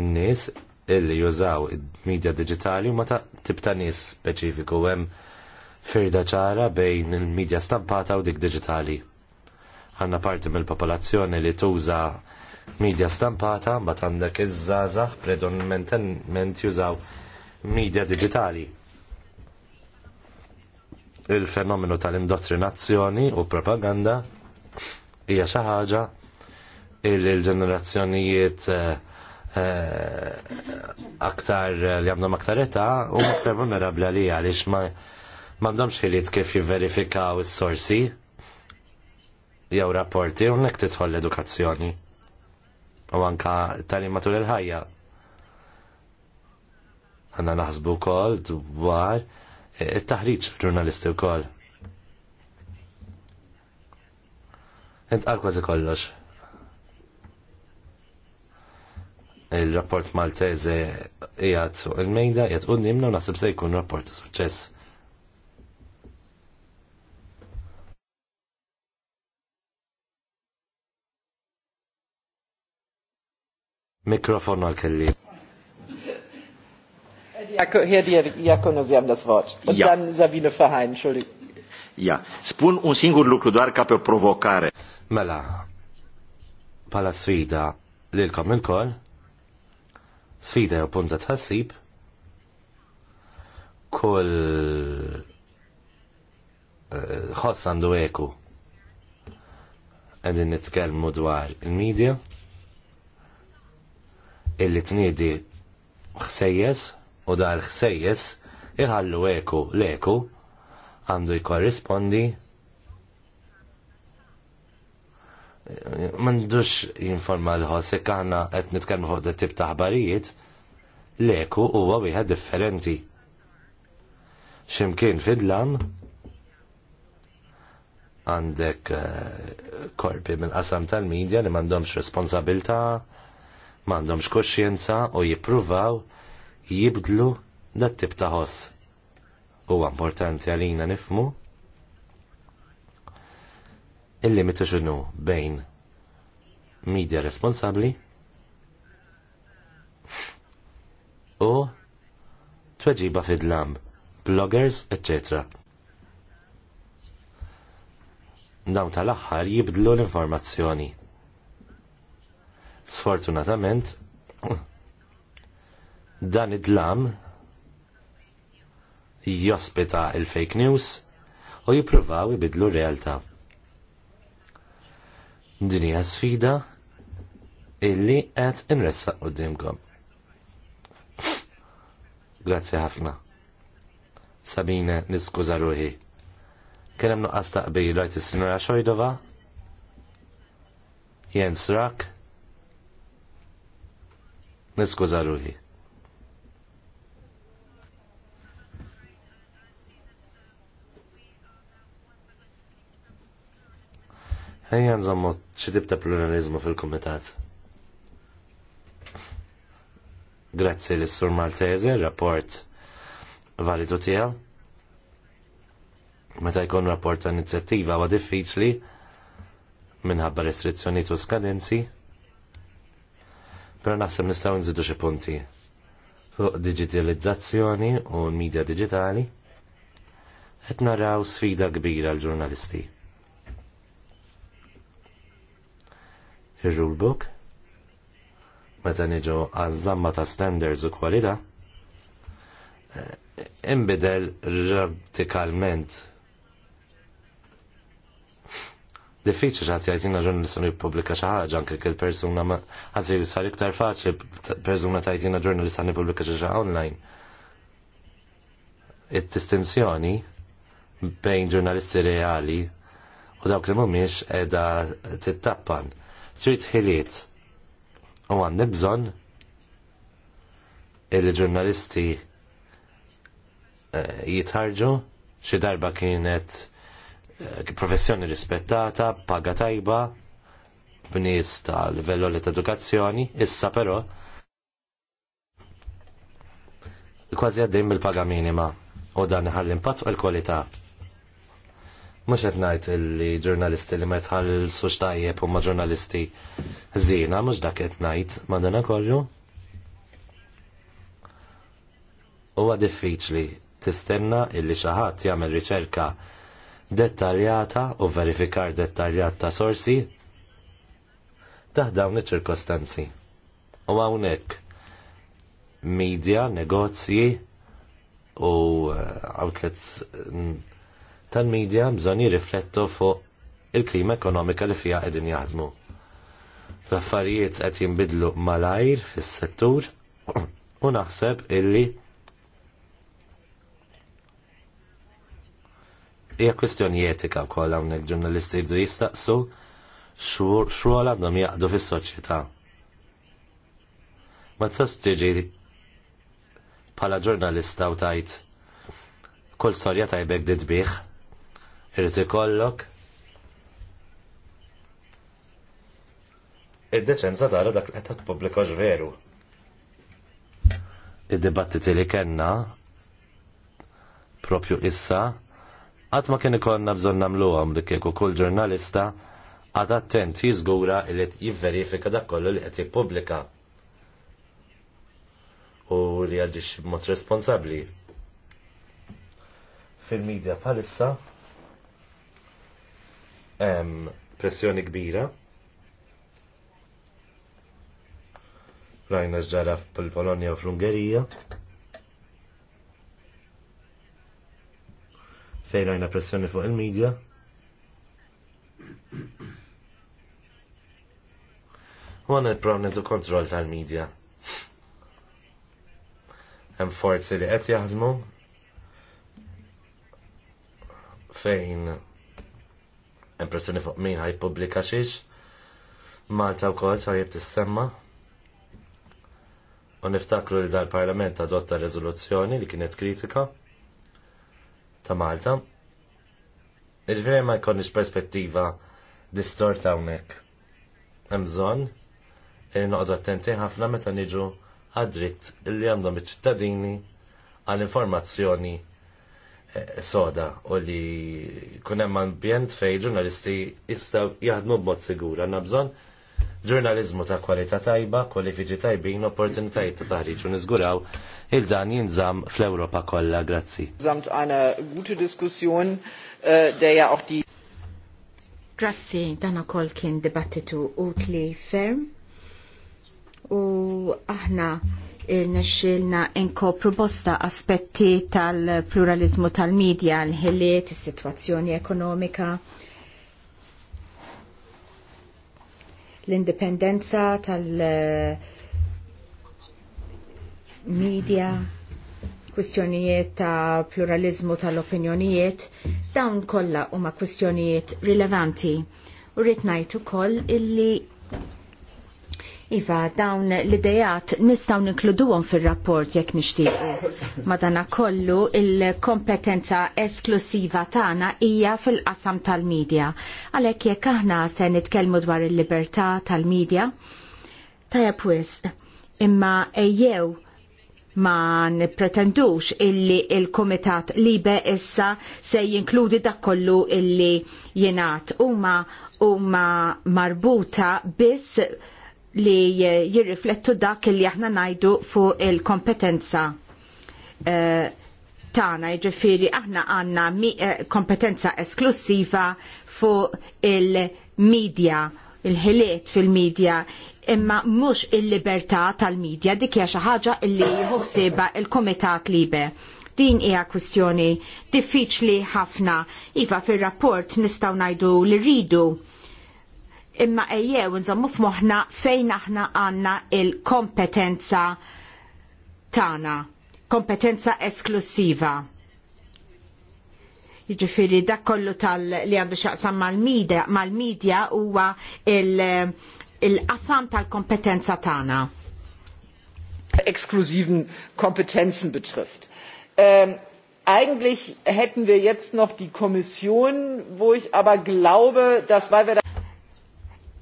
In-nies illi jużaw il medja digitali ma ta' tip ta' nies speċifiku hemm firda ċara bejn il-medja stampata u dik digitali. Għanna parti mill-popolazzjoni li tuża midja stampata, bat għandek iż-żazax predominantement jużaw media digitali. Il-fenomenu tal-indottrinazzjoni u propaganda hija xi ħaġa il-ġenerazzjonijiet eh, eh, aktar li għandhom aktar età u aktar vulnerabli għalija għaliex ma m'għandhomx ħiliet kif jivverifikaw is-sorsi jew rapporti u nek tidħol l-edukazzjoni u anka tal-im matul il-ħajja. Għanna naħsbu kol dwar il e, taħriċ ġurnalisti u kol. Intqal kważi kollox. Il-rapport Maltese jgħat il-mejda jgħat unnimna u nasib se jkun rapport ta' suċess Mikrofon għal-kelli. Herr Diakono, Sie haben das Wort. Und ja. dann Sabine Ja, spun un singur lucru doar ca pe provocare. Mela, pala sfida lilkom il-kol, sfida jo e punta tħassib, kol eh, ħoss għandu eku. Għedin nitkelmu dwar il-medja, illi tniedi xsejjes u dar ħsejjes iħallu eku l-eku għandu jkorrispondi mandux jinforma l-ħos, jekk aħna qed nitkellmu fuq da tip ta' ħbarijiet, l-eku huwa wieħed differenti. Ximkien fidlam għandek eh, korpi minn qasam tal-medja li m'għandhomx responsabilta' m'għandhomx koxjenza u jippruvaw jibdlu dat tip ta' ħoss. Huwa importanti għalina nifmu il-limitu x'inhu bejn media responsabbli u tweġiba fidlam, bloggers, etc. Dawn tal-aħħar jibdlu l-informazzjoni Sfortunatament, dan id-dlam jospita il-fake news u jipruvaw jibidlu realtà. Dinija sfida illi qed inressaq qudiemkom. Grazzi ħafna. Sabine, niskuża ruħi. Kien hemm nuqqas taqbil rajt is-sinura Xojdova, Jens Rak, Niskuża ruħi. Ejja nżommu xi ta' pluralizmu fil-kumitat. Grazzi l sur Maltese, rapport validu tiegħu. Meta jkun rapport ta' inizjattiva huwa diffiċli minħabba restrizzjonijiet u skadenzi Pero naħseb nistgħu nżidu xi punti fuq digitalizzazzjoni u l-medja digitali qed naraw sfida kbira l-ġurnalisti. Ir-rulebook meta niġu għaż-żamma ta' standards u kwalità eh, inbidel radikalment Diffiċi xaħat jgħajtina s nistan jipublika xaħġa anke kell persuna ma għazir sar iktar faċli persuna tajtina ġurnalista nipublika xaħġa online. It-distinzjoni bejn ġurnalisti reali u dawk li mumiex edha tittappan. Trid ħiliet u għandni nibżon il-ġurnalisti eh, jitħarġu xi darba kienet Eh, professjoni rispettata, paga tajba, b'nies ta' livello li ta' edukazzjoni, issa però kważi għaddim bil-paga minima u dan ħall impatt fuq il-kwalità. Mhux qed ngħid li ġurnalisti li ma jitħallsu xtajjeb huma ġurnalisti żina, mhux dak qed ngħid madana kollu. Huwa diffiċli tistenna illi xi ħadd jagħmel riċerka dettaljata u verifikar dettaljat ta' sorsi taħ dawn iċ-ċirkostanzi. U hawnhekk media, negozji u eh, outlets tal-media bżonn jirriflettu fuq il-klima ekonomika li fija qegħdin jaħdmu. L-affarijiet qed jinbidlu malajr fis-settur u naħseb illi hija kwestjoni etika wkoll hawnhekk ġurnalisti jdu jistaqsu x'rwol għandhom jaqdu fis-soċjetà. Ma tistax tiġi bħala ġurnalista u tajt kull storja tajbek ditbih irrid ikollok id-deċenza tara dak li qed pubblikax veru. Id-dibattiti li kellna propju issa Għat ma kien ikonna bżon għom dikkek kieku kull ġurnalista għad attent jizgura li jivverifika dak kollu li qed jippubblika u li għalġiex mod responsabbli fil-medja bħalissa hemm pressjoni kbira. Rajna ġara fil-Polonja u fl-Ungerija. fejn għajna pressjoni fuq il-medja. U għanna il tu kontrol tal-medja. Hemm forzi li qed jaħdmu fejn hemm pressjoni fuq min publika xiex. Malta u kol ċarjib semma U niftakru li dal-parlament adotta rezoluzzjoni li kienet kritika ta' Malta. Iġveri ma jkonni perspettiva distorta hawnhekk. Hemm bżonn noqdu attenti ħafna meta niġu għad li għandhom iċ-ċittadini għall informazzjoni eh, soda u li kun hemm ambjent fejn ġurnalisti jistgħu jaħdmu b'mod sigur. Għanna bżon ġurnalizmu ta' kwalità tajba, kwalifiċi tajbin, opportunitajiet ta' taħriġ u niżguraw il-dan jinżam fl-Ewropa kollha, grazzi. gute äh, Grazzi, dan ukoll kien dibattitu utli ferm u aħna irnexxilna inkopru proposta aspetti tal-pluralizmu tal-medja, l-ħiliet, is-sitwazzjoni ekonomika, l-indipendenza tal-medja, kwistjonijiet ta' pluralizmu tal-opinjonijiet, dawn kollha huma kwistjonijiet rilevanti. U rrid ngħid ukoll illi Iva, dawn l-idejat nistaw ninkluduhom fil-rapport jekk nixtiequ. Madana kollu il-kompetenza esklusiva tagħna hija fil-qasam tal-medja. Għalhekk jekk aħna se nitkellmu dwar il-libertà tal-medja, Tajja wisq, imma ejjew ma nipretendux illi il-Komitat Libe issa se jinkludi dak kollu illi jenat huma huma marbuta biss li jirriflettu dak li aħna najdu fuq il-kompetenza eh, tana, ġifiri aħna għanna eh, kompetenza esklusiva fuq il-medja, il-ħiliet fil-medja, imma mhux il-libertà tal-medja dik hija xi ħaġa li jħossibha il-Kumitat Libe. Din hija kwistjoni diffiċli ħafna. Iva fir-rapport nistgħu ngħidu li rridu imma ejjew nżommu f'moħħna fejn aħna għandna il-kompetenza tagħna, kompetenza esklusiva. Jiġifieri dak kollu tal li għandu xaqsam mal-medja mal huwa il-qasam tal-kompetenza tagħna. Exklusiven Kompetenzen betrifft. Um, eigentlich hätten wir jetzt noch die Kommission, wo ich aber glaube, dass weil wir da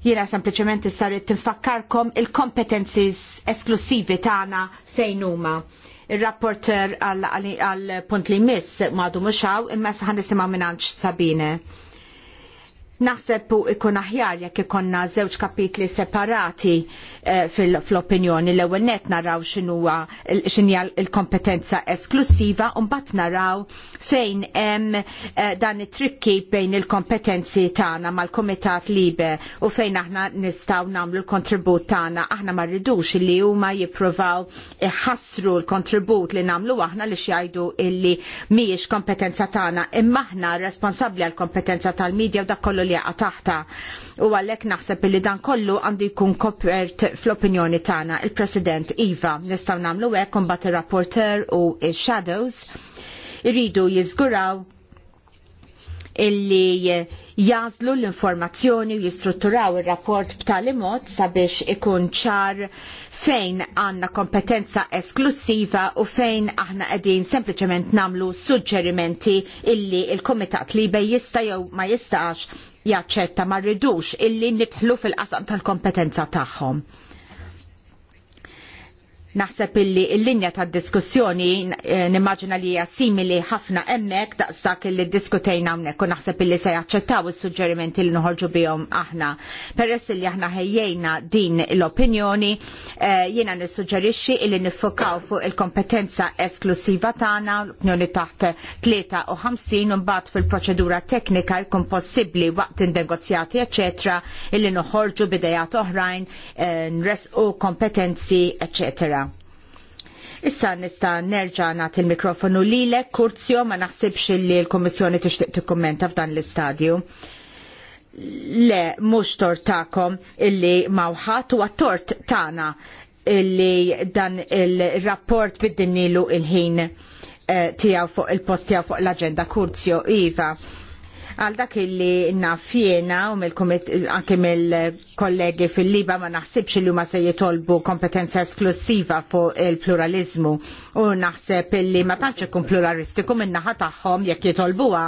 Jiena sempliċement issa rrid tinfakkarkom il-competencies esklusivi tagħna fejn huma. Ir-rapporter għall punt li miss madu muxaw imma saħan nisimgħu minn Sabine. Naħseb u ikun aħjar jekk ikonna żewġ kapitli separati eh, fl-opinjoni l ewwel net naraw x'inhuwa x'inja l-kompetenza esklusiva u mbagħad naraw fejn hemm eh, dan it-trikki bejn il-kompetenzi tagħna mal-Kumitat Libe u fejn aħna nistgħu nagħmlu l-kontribut tagħna aħna ma rridux li huma jippruvaw iħassru l-kontribut li nagħmlu aħna li xjajdu illi mhijiex kompetenza tagħna imma aħna responsabbli għall kompetenza tal-medja u dak kollu li jaqa' taħta. U għalhekk naħseb li dan kollu għandu jkun kopert fl-opinjoni tagħna il-President Iva. Nistgħu nagħmlu hekk imbagħad ir-rapporter u x-shadows irridu jiżguraw illi jazlu l-informazzjoni u jistrutturaw ir-rapport b'tali mod sabiex ikun ċar fejn għandna kompetenza esklusiva u fejn aħna qegħdin sempliċement namlu suġġerimenti illi il-Kumitat libe jista' jew ma jistax jaċċetta ma rridux illi nidħlu fil-qasam tal-kompetenza tagħhom. Naħseb illi l-linja tad diskussjoni eh, nimmaġina li hija simili ħafna hemmhekk daqstak illi ddiskutejna hawnhekk u naħseb illi se jaċċettaw is-suġġerimenti li noħorġu bihom aħna. Peress illi aħna ħejjejna din l-opinjoni, eh, jiena nissuġġerixxi illi niffokaw fuq il-kompetenza esklusiva tagħna l-opinjoni taħt 53 u mbagħad fil-proċedura teknika jkun possibbli waqt in-negozjati eċetera illi noħorġu bidejat oħrajn eh, nresqu kompetenzi eċetera. Issa nista nerġa' nagħti l mikrofonu lilek, Kurzio, ma naħsibx li l-Kummissjoni tixtieq tikkummenta f'dan l-istadju. Le, mhux tortakom illi mawħat u għat-tort tagħna illi dan il-rapport bid-dinnilu il-ħin eh, tiegħu fuq il-post tiegħu fuq l aġenda Kurzio, Iva għal dak illi nafjena u anke mill-kollegi fil-liba ma naħsibx li huma se jitolbu kompetenza esklusiva fuq il-pluralizmu u naħseb illi ma tantx ikun pluralistiku min-naħa tagħhom jekk jitolbuha.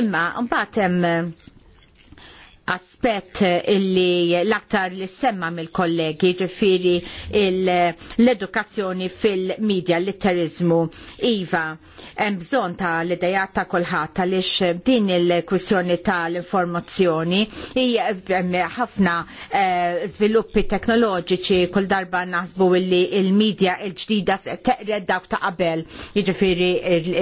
Imma mbagħad hemm aspett illi l-aktar li semma mill-kollegi ġifiri l-edukazzjoni fil-medja, l-litterizmu. Iva, hemm bżonn ta' l idejat ta' kulħadd għaliex din il-kwistjoni ta' l-informazzjoni hija ħafna eh, żviluppi teknoloġiċi kull darba naħsbu illi il-medja il-ġdida se teqred dawk ta' qabel, jiġifieri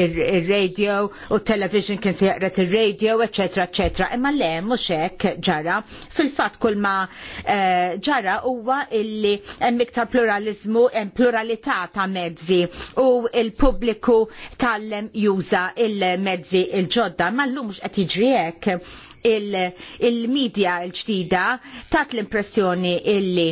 ir-radio u t television kien se jaqret ir radio eċetera, eċetera. Imma le mhux hekk ġara. Fil-fatt kull ma eh, ġara huwa illi hemm iktar pluralizmu, hemm pluralità ta' mezzi u il-pubbliku tallem juża il-mezzi il-ġodda. Ma llum mhux qed jiġri hekk il-medja il l-ġdida tat l-impressjoni illi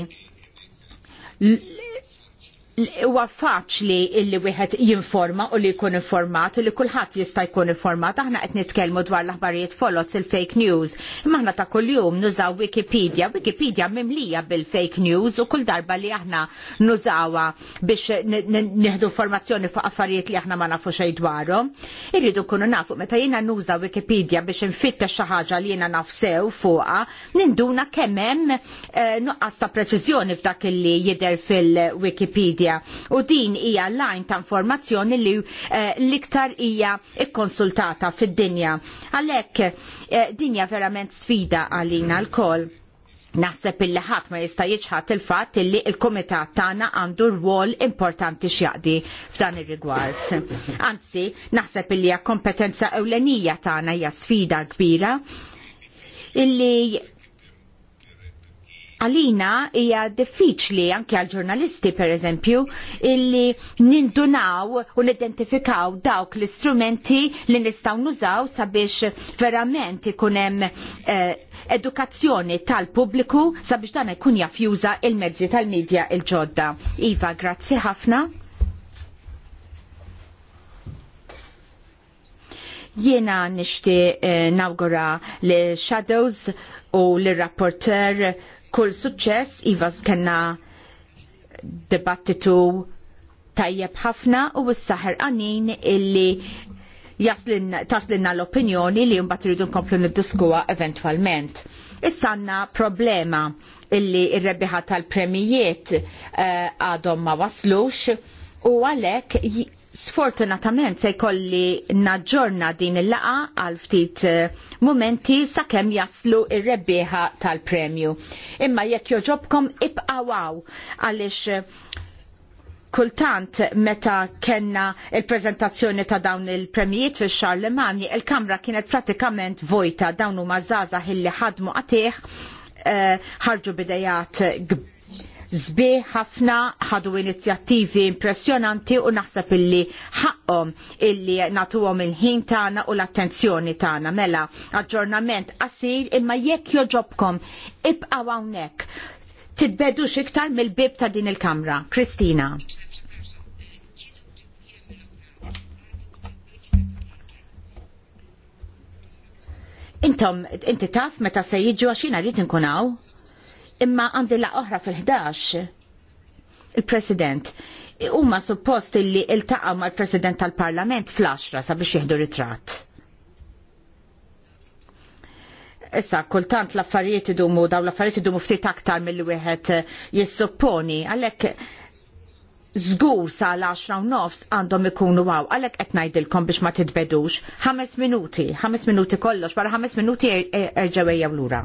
huwa faċli illi wieħed jinforma u li jkun informat u li kulħadd jista' jkun informat aħna qed nitkellmu dwar l-aħbarijiet folot il-fake news. Imma aħna ta' kuljum nużaw Wikipedia, Wikipedia mimlija bil-fake news u kull darba li aħna nużawha biex nieħdu informazzjoni fuq affarijiet li aħna ma nafu xejn dwarhom. Irridu nkunu nafu meta jiena nuża Wikipedia biex infittex xi ħaġa li jiena nafsew fuqha, ninduna kemm hemm eh, nuqqas ta' preċiżjoni f'dak illi jidher fil-Wikipedia fil u din hija lajn ta' informazzjoni li eh, l-iktar hija ikkonsultata fid-dinja. Għalhekk eh, dinja verament sfida għalina l Naħseb illi ħadd ma jista' jiġħad il-fatt illi l-kumitat tagħna għandu rwol importanti x'jaqdi f'dan ir-rigward. Anzi, naħseb illi hija kompetenza ewlenija tagħna hija sfida kbira illi għalina hija diffiċli anke għal ġurnalisti pereżempju illi nindunaw u nidentifikaw dawk l-istrumenti li nistgħu nużaw sabiex verament ikun hemm eh, edukazzjoni tal-pubbliku sabiex dan ikun jaf il-mezzi tal-medja il-ġodda. Iva, grazzi ħafna. Jiena nixtieq eh, nawgura l-Shadows u l-rapporter kull suċċess iva skenna dibattitu tajjeb ħafna u s-saħer għanin illi taslinna l-opinjoni li jumbat rridu nkomplu niddiskuha eventwalment. Issa għandna problema illi r rebbiħa tal-premijiet eh, għadhom ma waslux u għalhekk Sfortunatament se jkolli naġġorna din il laqgħa għal ftit eh, mumenti sakemm jaslu r rebbieħa tal-premju. Imma jekk joġobkom ibqawaw għaliex eh, kultant meta kellna il preżentazzjoni ta' dawn il-premijiet fix xarlemani il-kamra kienet pratikament vojta dawn huma żgħażagħ illi ħadmu għatih eh, ħarġu bidejat bidejat zbieħ ħafna ħadu inizjattivi impressjonanti u naħseb illi ħaqhom illi natuhom il-ħin tagħna u l-attenzjoni tagħna mela aġġornament qasir imma jekk joġobkom ibqgħu hawnhekk tibbedu iktar mill-bib ta' din il-kamra. Kristina. Intom, inti taf meta se jiġu għaxina rritin kunaw? imma għandi la oħra fil-11. Il-President, huma suppost li iltaqa' mal-President tal-Parlament fl-10 sabiex jieħdu ritratt. Issa, kultant l-affarijiet idumu, daw l-affarijiet idumu ftit aktar mill wieħed eh, jissupponi, għalhekk żgur sa l-10 nofs għandhom ikunu għaw, għalhekk qed ngħidilkom biex ma titbedux, ħames minuti, ħames minuti kollox, barra ħames minuti er-, er-, erġawejja lura.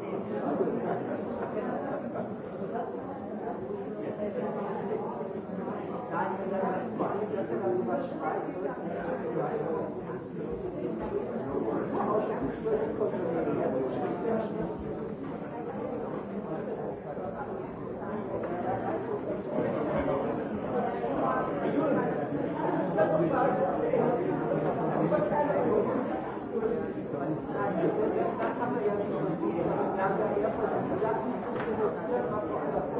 Yeah.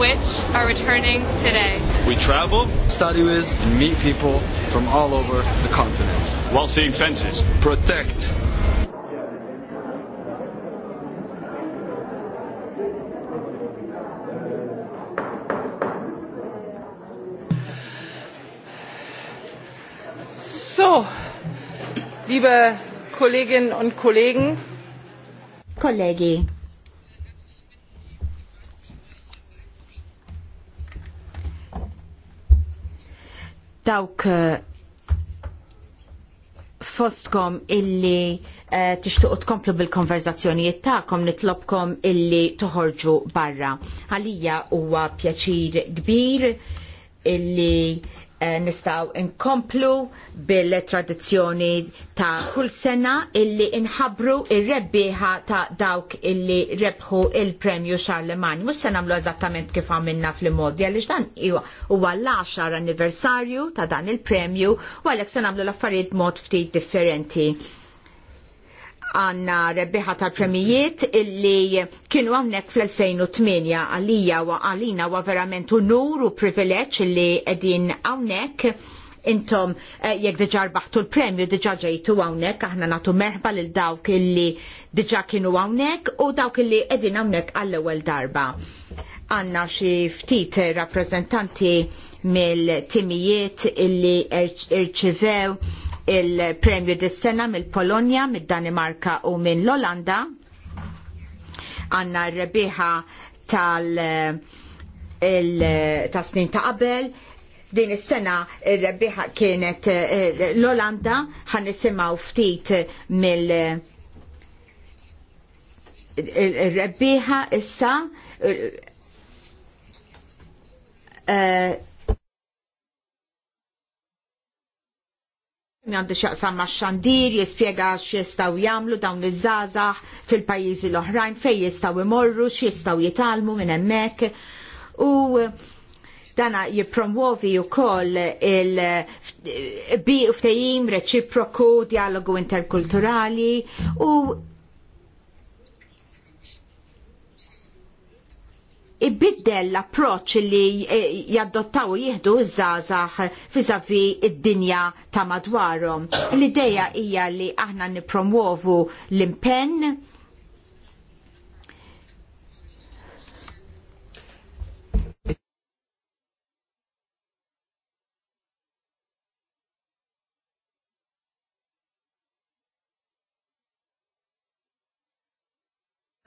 which are returning today. We travel, study with, and meet people from all over the continent. While seeing fences. Protect. So, liebe Kolleginnen und Kollegen, Kollegi, dawk eh, fostkom illi uh, tixtuqu tkomplu bil-konverzazzjonijiet tagħkom nitlobkom illi toħorġu barra. Għalija huwa pjaċir kbir illi Eh, nistaw inkomplu bil-tradizzjoni ta' kull sena illi inħabru il-rebbieħa ta' dawk illi rebħu il-premju Charlemagne. Mux sena mlu eżattament kif għamilna fl-modi, għalix dan huwa l-10 anniversarju ta' dan il-premju, u għalek sena mlu l-affarijiet mod ftit differenti għanna rebbiħa tal-premijiet illi kienu għamnek fl-2008 għalija wa għalina wa verament unur u privileċ illi edin għamnek intom eh, jekk diġa rbaħtu l-premju diġa ġejtu għawnek, aħna natu merħba lil dawk illi diġa kienu għawnek u dawk illi edin għawnek għall-ewel darba. Għanna xie ftit rappresentanti mill-timijiet illi er-, irċivew il-premju dis-sena mill-Polonja, mid-Danimarka u minn l-Olanda. Għanna r-rebiħa tal- ta' snin ta' qabel. Din is-sena r-rebiħa kienet eh, l-Olanda ħan nisimgħu ftit mill- ir-rebbieħa issa eh, għandu xaqsam ma' xandir, jispiega x'jistgħu jagħmlu dawn iż-żgħażagħ fil-pajjiżi l-oħrajn fejn jistgħu imorru, x'jistgħu jitalmu minn hemmhekk. U dana jipromuovi wkoll il-bi uftajim reċiproku, dialogu interkulturali u ibiddel l-approċ li eh, jaddottaw jihdu iż-żazax fiżavi id-dinja ta' madwarhom. L-ideja hija li aħna nippromuovu l-impenn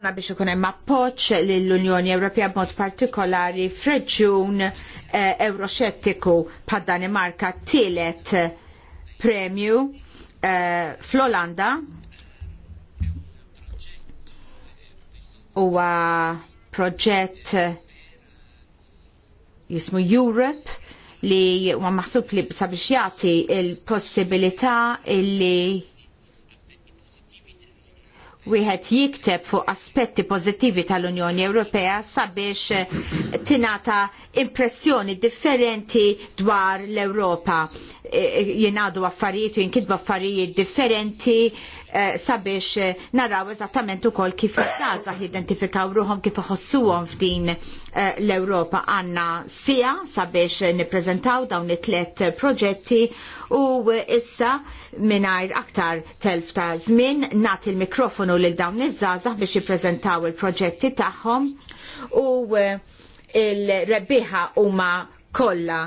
Għana biex ikun hemm appoġġ lill-Unjoni Ewropea b'mod partikolari f'reġjun eh, euroxettiku pad Danimarka tielet premju eh, fl-Olanda huwa proġett jismu Europe li huwa maħsub li sabiex jagħti l possibilità illi wieħed jikteb fuq aspetti pożittivi tal-Unjoni Ewropea sabiex eh, tingħata impressjoni differenti dwar l-Ewropa. Eh, eh, Jingħadu affarijiet u jinkidbu affarijiet differenti sabiex naraw eżattament ukoll kif iż-żgħażagħ jidentifikaw ruhom kif iħossuhom f'din l-Ewropa għandna sija sabiex nippreżentaw dawn it tlet proġetti u issa mingħajr aktar telf ta' żmien nagħti l-mikrofonu jgħinu lil dawn iż-żgħażagħ biex jippreżentaw il-proġetti tagħhom u eh, il-rebbieħa huma kollha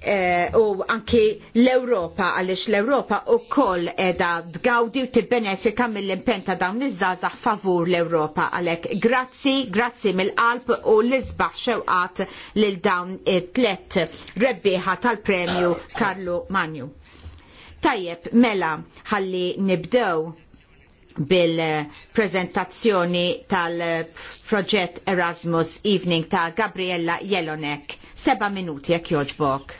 eh, u anki l-Ewropa għaliex l-Ewropa wkoll qiegħda tgawdi u tibbenefika mill-impenta dawn iż-żgħażagħ favur l-Ewropa għalhekk grazzi, grazzi mill-qalb u l-isbaħ xewqat lil dawn it-tlet rebbieħa tal-premju Karlu Manju. Tajjeb, mela, ħalli nibdew bil-prezentazzjoni tal-proġett Erasmus Evening ta' Gabriella Jelonek. Seba minuti jekk joġbok.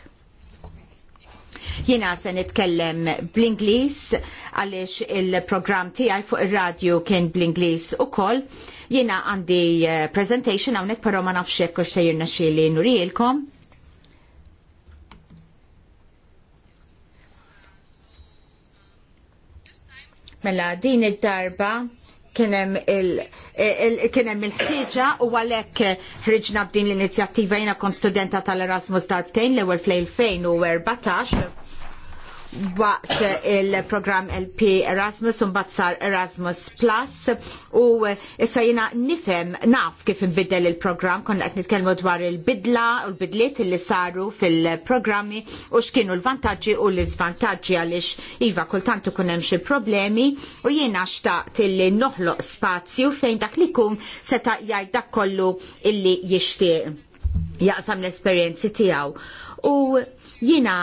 Jina se nitkellem bl-Inglis għaliex il-programm tiegħi fuq ir-radju kien bl-Inglis ukoll. Jina għandi eh, presentation hawnhekk però ma nafx hekk se jirnexxieli nurilkom. Mela din id-darba kienem il il-ħtieġa u għalek ħriġna b'din l-inizjattiva jena kont studenta tal-Erasmus darbtejn l-ewel fl-2014 waqt il-program LP Erasmus un sar Erasmus Plus u issa jina nifem naf kif nbiddel il-program konna qed nitkellmu dwar il-bidla u l-bidliet li saru fil-programmi u x'kienu l-vantaġġi u l-iżvantaġġi għaliex iva kultant ikun hemm xi problemi u jiena xtaqt illi noħloq spazju fejn dak li jkun seta' jgħid dak kollu illi jixtieq jaqsam l-esperjenzi tiegħu u jina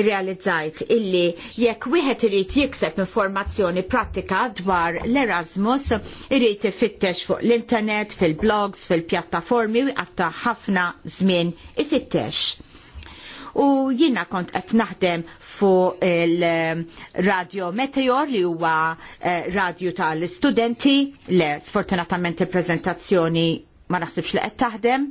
realizzajt illi jekk wieħed irid jikseb informazzjoni pratika dwar l-Erasmus irid ifittex fuq l-internet, fil-blogs, fil-pjattaformi u għatta ħafna żmien ifittex u jina kont qed naħdem fuq il-Radio Meteor li huwa eh, radio tal-studenti le sfortunatament il-prezentazzjoni ma naħsibx li qed taħdem.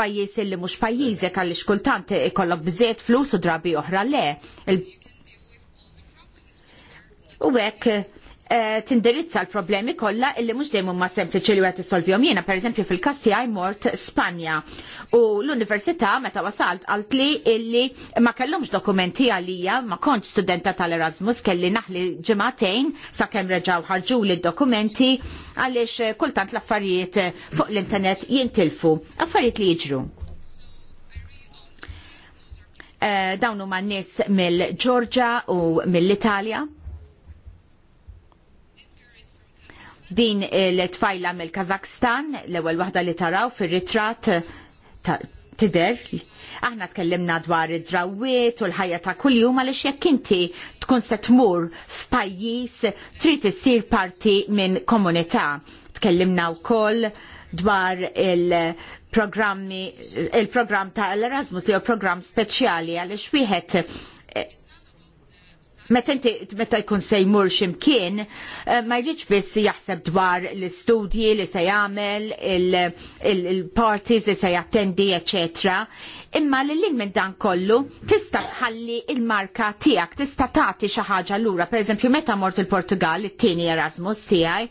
pajjiż illi mhux pajjiżek għaliex xkultant ikollok bżejt flus u drabi oħra le. U hekk Eh, tindirizza l-problemi kollha illi mhux dejjem huma sempliċi li wieħed issolvihom. Jiena pereżempju fil kasti tiegħi mort Spanja u l-università meta wasalt qalt li illi ma kellhomx dokumenti għalija, ma kontx studenta tal-Erasmus kelli naħli ġimagħtejn sakemm reġgħu ħarġuli d-dokumenti għaliex kultant l-affarijiet fuq l-internet jintilfu. Affarijiet li jiġru. Eh, dawn huma nies mill-Ġorġa u mill-Italja din l-tfajla mill-Kazakstan, l-ewwel waħda li taraw fir ritrat tider. Aħna tkellimna dwar id-drawiet u l-ħajja ta' kuljum għaliex jekk inti tkun se tmur f'pajjiż trid issir parti minn komunità. Tkellimna wkoll dwar il- programmi il-programm ta' l-Erasmus li huwa programm speċjali għaliex wieħed Meta inti meta jkun se jmur x'imkien, eh, ma jridx biss jaħseb dwar l-istudji li se jagħmel, il-parties li se jattendi, eċetera. Imma li lin minn dan kollu tista' tħalli il-marka tiegħek, tista' tagħti xi ħaġa lura. Pereżempju meta mort il-Portugal, it-tieni Erasmus tiegħi,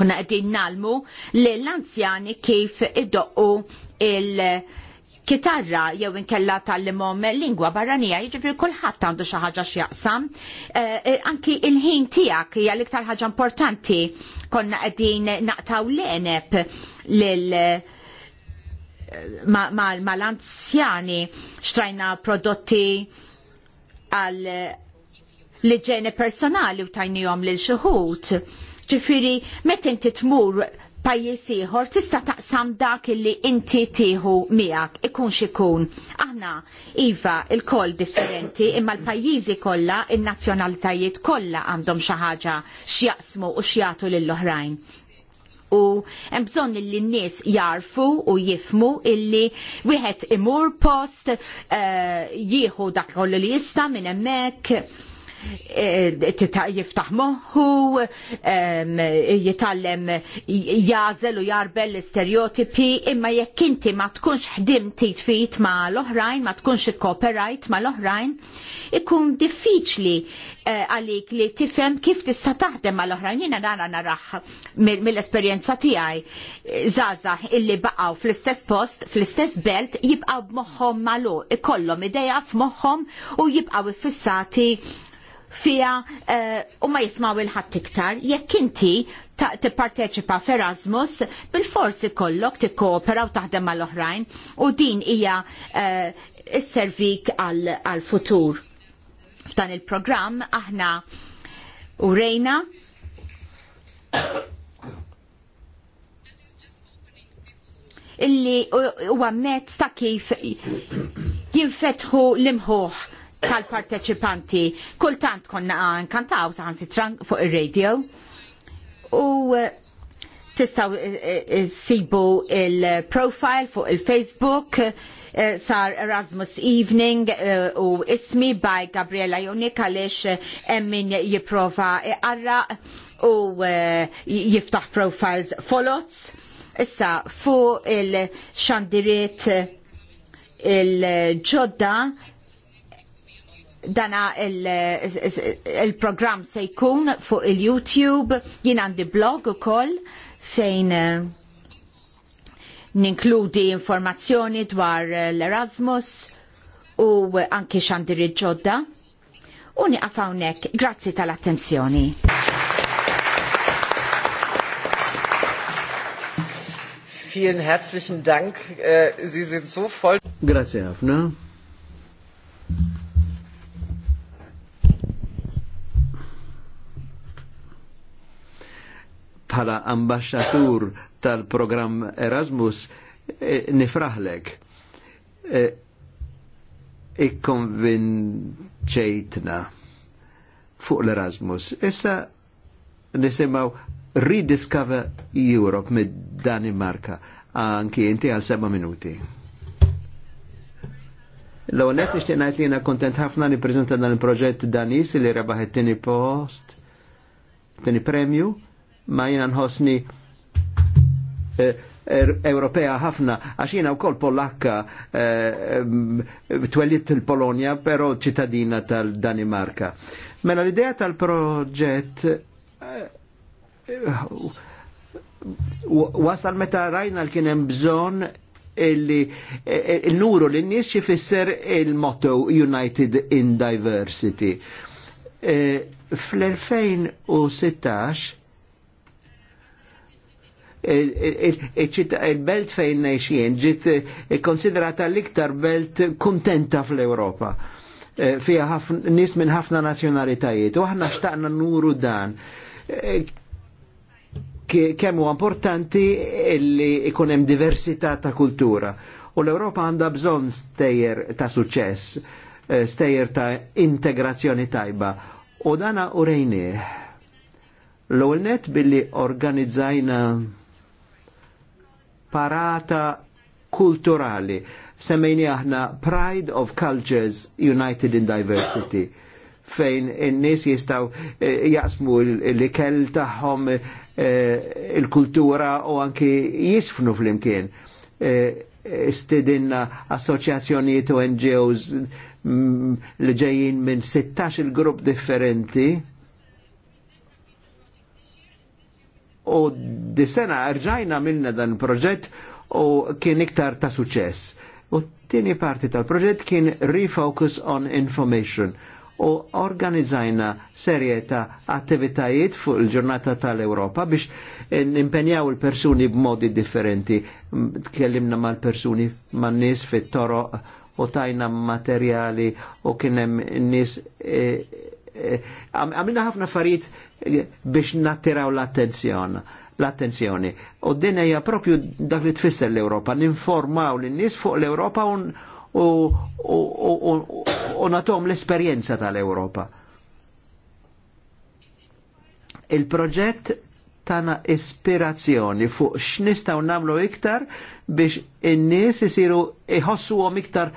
kuna qegħdin nalmu li l-anzjani kif idoqqu il- kitarra jew inkella tal-limom lingwa barranija, jiġifieri kulħadd għandu xi ħaġa x'jaqsam. Eh, eh, anki il-ħin tiegħek hija l-iktar ħaġa importanti konna qegħdin naqtaw l-enep lil mal-anzjani xtrajna prodotti għal l-ġene personali u tajnijom l-xħut. Ġifiri, met inti tmur pajjiż ieħor tista' taqsam dak illi inti tieħu miegħek ikun xikun. Aħna iva il differenti imma l-pajjiżi kollha in-nazzjonalitajiet kollha għandhom xi ħaġa x'jaqsmu u x'jagħtu lill-oħrajn. U hemm bżonn li n-nies jarfu u jifmu illi wieħed imur post uh, jieħu dak kollu li jista' minn hemmhekk Eh, jiftaħ moħħu, jitallem jażel u jarbel l-istereotipi, imma jekk inti ma tkunx ħdim titfit ma l-oħrajn, ma tkunx ikkooperajt ma l-oħrajn, ikun diffiċli eh, għalik li tifhem kif tista' taħdem mal oħrajn jiena nara narah mill-esperjenza tiegħi żgħażagħ illi baqgħu fl-istess post, fl-istess belt jibqgħu b'moħħhom magħluq, ikollhom ideja f'moħħhom u jibqgħu iffissati fija eh, u ma jismaw il-ħadd iktar, jekk inti tipparteċipa f'Erasmus, bil-forsi kollok tikkoopera u taħdem mal-oħrajn u din hija eh, s-servik għal-futur. F'dan il-programm aħna u rejna illi huwa mezz ta' kif jinfetħu l-imħuħ tal-parteċipanti. Kultant konna nkantaw saħansi fuq ir-radio. U eh, tistaw eh, eh, sibu il-profile fuq il-Facebook sar Erasmus Evening u ismi by Gabriela Jonik għalix emmin jiprofa iqarra u jiftaħ profiles folots. Issa fuq il-xandiriet il-ġodda dana il-program il il se jkun fuq il-YouTube, jien għandi blog ukoll fejn eh, ninkludi informazzjoni dwar l-Erasmus u anki xandi ġodda. U niqaf hawnhekk, grazzi tal-attenzjoni. Vielen herzlichen Dank. Äh, Sie sind so voll. Grazie, Afna. bħala ambasċatur tal program Erasmus eh, nifraħlek. Eh, ikkonvinċejtna fuq l-Erasmus. Issa nisimaw Rediscover Europe mid Danimarka. Anki inti għal seba minuti. L-għonet nishtiq najt li jena kontent ħafna li prezenta dan il-proġett Danis li rebaħ it-tini post, tini premju ma jina nħosni eh, er-, Ewropea ħafna, għax u wkoll Polakka eh, twellit il polonia però ċittadina tal-Danimarka. Mela l-idea tal-proġett eh, wasal meta rajna l-kien hemm bżonn il-nuru l-nies xifisser il-motto United in Diversity. Fl-2016 il-belt fejn nejxien ġit eh, konsiderata l-iktar belt kontenta fl-Europa eh, fija nis minn ħafna nazjonalitajiet u ħna xtaqna nuru dan eh, kemmu importanti illi ikun hemm diversità ta' kultura u l-Europa għandha bżonn stejjer ta' suċess stejjer ta' integrazzjoni tajba u dana u rejnieh. L-ewwel net billi organizzajna parata kulturali. Semmejni aħna Pride of Cultures United in Diversity fejn in-nies jistaw eh, jaqsmu l-ikel tagħhom eh, il-kultura u anki jisfnu fl-imkien. Eh, Istidinna assoċjazzjonijiet u NGOs mm, li ġejjin minn 16 il-grupp differenti u dis-sena rġajna minna dan proġett u kien iktar ta' suċess. U t-tieni parti tal-proġett kien Refocus on Information u organizzajna serje ta' attivitajiet fuq il-ġurnata tal-Europa biex eh, impenjaw il-persuni b'modi differenti. Tkellimna mal-persuni, man nis fit-toro u tajna materjali u kienem nis e, eh, Eh, għamilna ħafna farid eh, biex nattiraw l attenzjoni l-attenzjoni. U din hija propju dak li tfisser l-Ewropa, ninformaw l nies fuq l-Ewropa u natom l-esperjenza tal-Ewropa. Il-proġett tana ispirazzjoni fuq x'nistgħu namlu iktar biex in-nies isiru iħossuhom iktar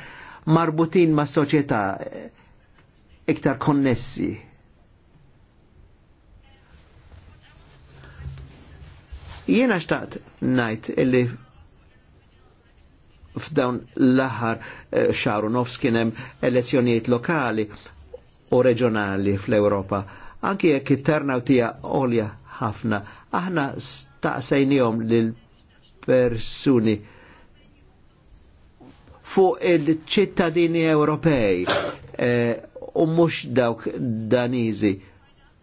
marbutin mas soċjetà iktar konnessi. Jiena xtaqt najt illi f'dawn l-aħħar eh, xaru nofs kienem elezzjonijiet lokali u reġjonali fl-Ewropa. Anki jekk it-ternaw tija olja ħafna, aħna staqsejnijom lil-persuni fuq il-ċittadini Ewropej. Eh, u mhux dawk daniżi.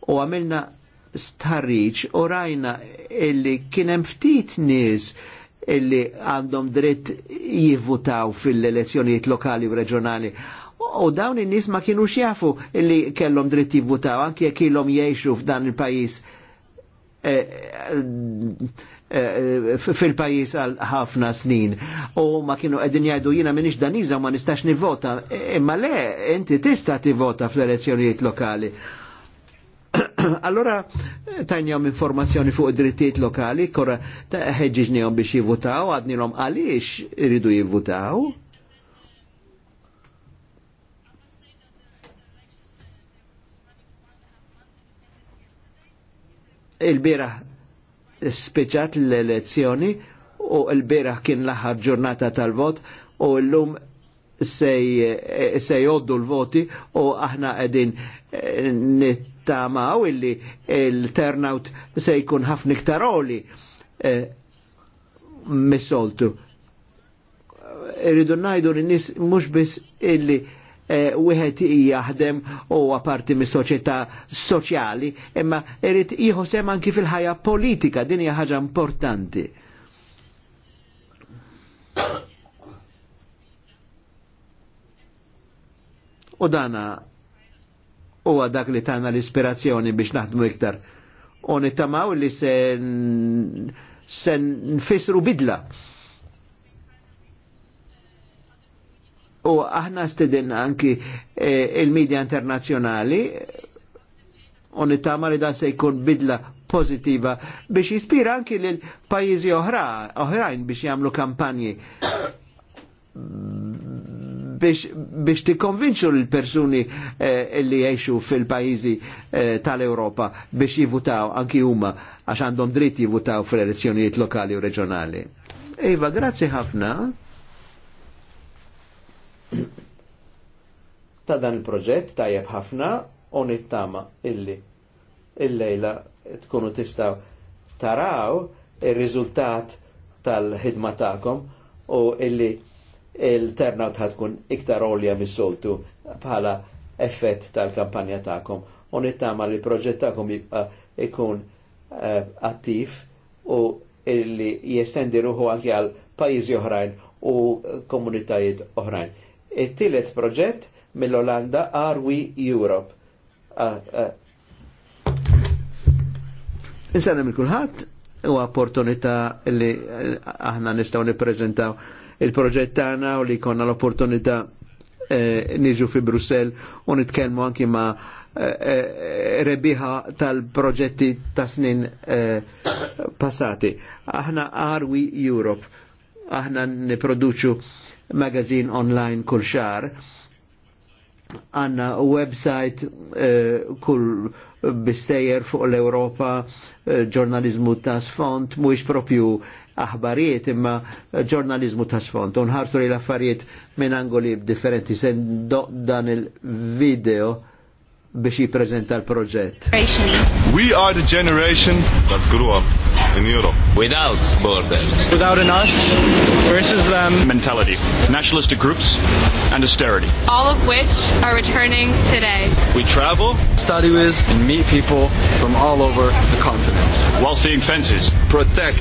U għamilna starriċ u rajna illi kien hemm ftit nies illi għandhom dritt jivvutaw fil-elezzjonijiet lokali u reġjonali. U dawn in-nies ma kienu jafu illi kellhom dritt jivvutaw anke jekk ilhom jgħixu f'dan il-pajjiż. E, Eh, fil-pajis għal ħafna snin. U ma kienu għedin jgħidu jina minix daniza ma nistax nivota. Imma eh, le, inti tista tivota fl-elezzjonijiet lokali. allora eh, tajnjom informazzjoni fuq drittijiet lokali, korra jom biex jivutaw, għadnilom għaliex iridu jivutaw. il spiċat l-elezzjoni u l-beraħ kien l-aħħar ġurnata tal-vot u l-lum se eh, joddu l-voti u aħna għedin eh, nittamaw illi il-turnout se jkun ħafna iktar oli eh, mis-soltu. Irridu najdu n-nis mux bis illi Eh, wieħed jaħdem u parti mis soċjetà soċjali, imma irid jieħosem anki fil-ħajja politika, din hija ħaġa importanti. U dana huwa dak li tagħna l-ispirazzjoni biex naħdmu iktar. U nittamaw li se sen nfisru bidla U aħna stedin anki eh, il-medja internazjonali u nittama li dan se jkun bidla pozitiva biex jispira anki l-pajizi oħra, oħrajn biex jamlu kampanji biex, biex tikkonvinċu l-persuni eh, li jiexu fil-pajizi eh, tal-Europa biex jivutaw anki huma għax għandhom dritt jivutaw fil-elezzjonijiet lokali u reġjonali. Iva, grazzi ħafna ta' dan il-proġett tajjeb ħafna u nittama illi il-lejla tkunu tistaw taraw il-riżultat tal-ħidma tagħkom u illi il-turnout tkun iktar olja mis-soltu bħala effett tal-kampanja tagħkom u nittama li proġett tagħkom ikun eh, attiv u illi jestendi ruħu anke għal pajjiżi oħrajn u komunitajiet oħrajn it tillet proġett mill-Olanda Arwi Europe. Insana minn kulħadd u opportunità li eh, aħna nistgħu nippreżentaw il-proġett tagħna u li konna l-opportunità eh, niġu fi Brussel u nitkellmu anki ma' eh, rebiħa tal-proġetti ta' snin passati. Aħna Arwi Europe, aħna niproduċu magazine online kull xar. Għanna website eh, kull bistejer fuq l-Europa, eh, ġurnalizmu eh, ta' sfont, mux propju aħbarijiet imma ġurnalizmu ta' sfont. Unħarsu li l-affarijiet minn angoli differenti sen dan il-video biex jiprezenta l-proġett. We are the generation that grew up in Europe. Without borders. Without an us versus them mentality, nationalistic groups, and austerity. All of which are returning today. We travel, study with, and meet people from all over the continent. While seeing fences. Protect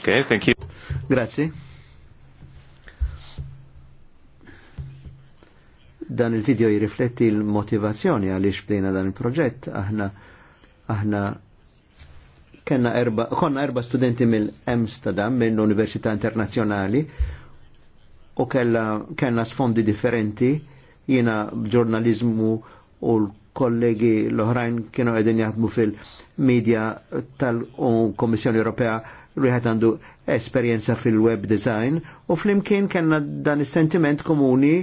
Okay, thank you. Grazie. Dan il-video jirrifletti il-motivazzjoni għaliex bdejna dan il-proġett. Aħna aħna kena erba, konna erba studenti mill-Amsterdam, mill-Università Internazjonali u kella, kena sfondi differenti, jina ġurnalizmu u l-kollegi l-oħrajn kienu għedin jaħdmu fil-medja tal-Komissjoni Ewropea wieħed għandu esperjenza fil-web design u flimkien kellna dan is-sentiment komuni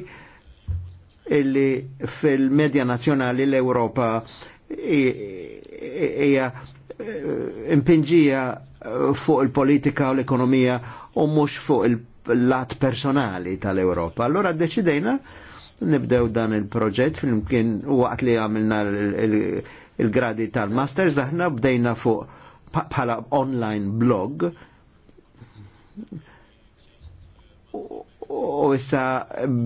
illi fil-medja nazzjonali l-Ewropa hija eh, impinġija eh, fuq il-politika u l-ekonomija u mhux fuq il-lat personali tal-Ewropa. Allora deċidejna nibdew dan il-proġett fil u waqt li għamilna il-gradi tal-masters aħna bdejna fuq bħala online blog u issa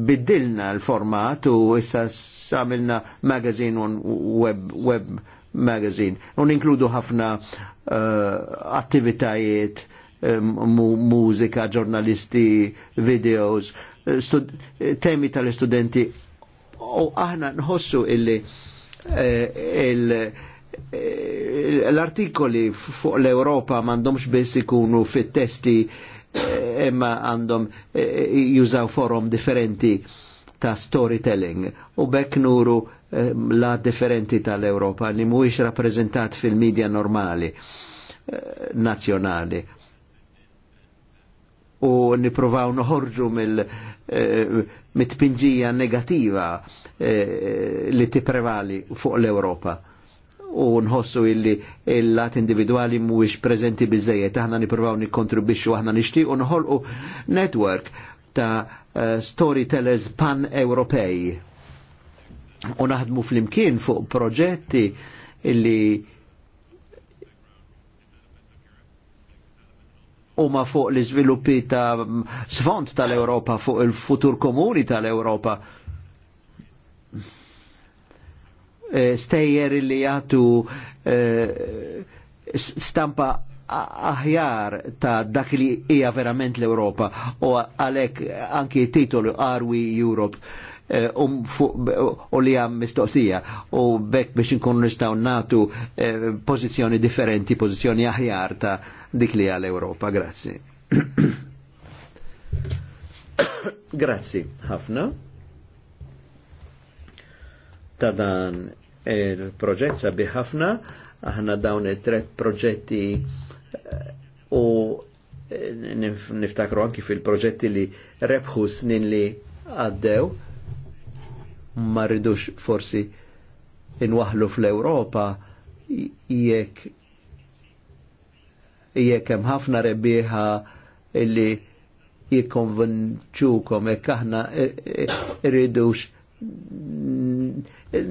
biddilna l-format u issa samilna magazine un web, web magazine un inkludu ħafna uh, attivitajiet eh, mużika, ġurnalisti, videos, eh, stud- temi tal-istudenti. U aħna nħossu illi il Eh, l-artikoli fuq l-Europa mandomx biss ikunu fit-testi eh, imma għandhom eh, jużaw forum differenti ta' storytelling u bekk nuru la differenti tal-Europa li mhuwiex rappreżentat fil-medja normali nazzjonali. U nipruvaw noħorġu mill mitpinġija negativa li tipprevali fuq l-Europa u nħossu illi il-lat individuali mhuwiex prezenti biżejjed aħna nippruvaw nikkontribwixxu aħna nixtieq u nħolqu network ta' uh, storytellers pan-Ewropej. U naħdmu fl-imkien fuq proġetti illi huma fuq l-iżviluppi ta' sfond tal-Ewropa, fuq il-futur komuni tal-Ewropa Eh, stejjer li jgħatu eh, stampa aħjar ta' dak li hija verament l europa u għalhekk anki titol Are We Europe eh, um u li għam mistoqsija u bekk biex nkun nistaw natu pozizjoni differenti, pozizjoni aħjar ta' dik li għal Europa. Grazzi. Grazzi, ħafna. Ta' dan il-proġett sabi ħafna, aħna dawn il tret proġetti eh, u eh, niftakru anki fil-proġetti li rebħu snin li għaddew, ma rridux forsi inwaħlu fl-Europa jekk jekk hemm ħafna rebbieħa li jikkonvinċukom jekk aħna irridux eh, Mm,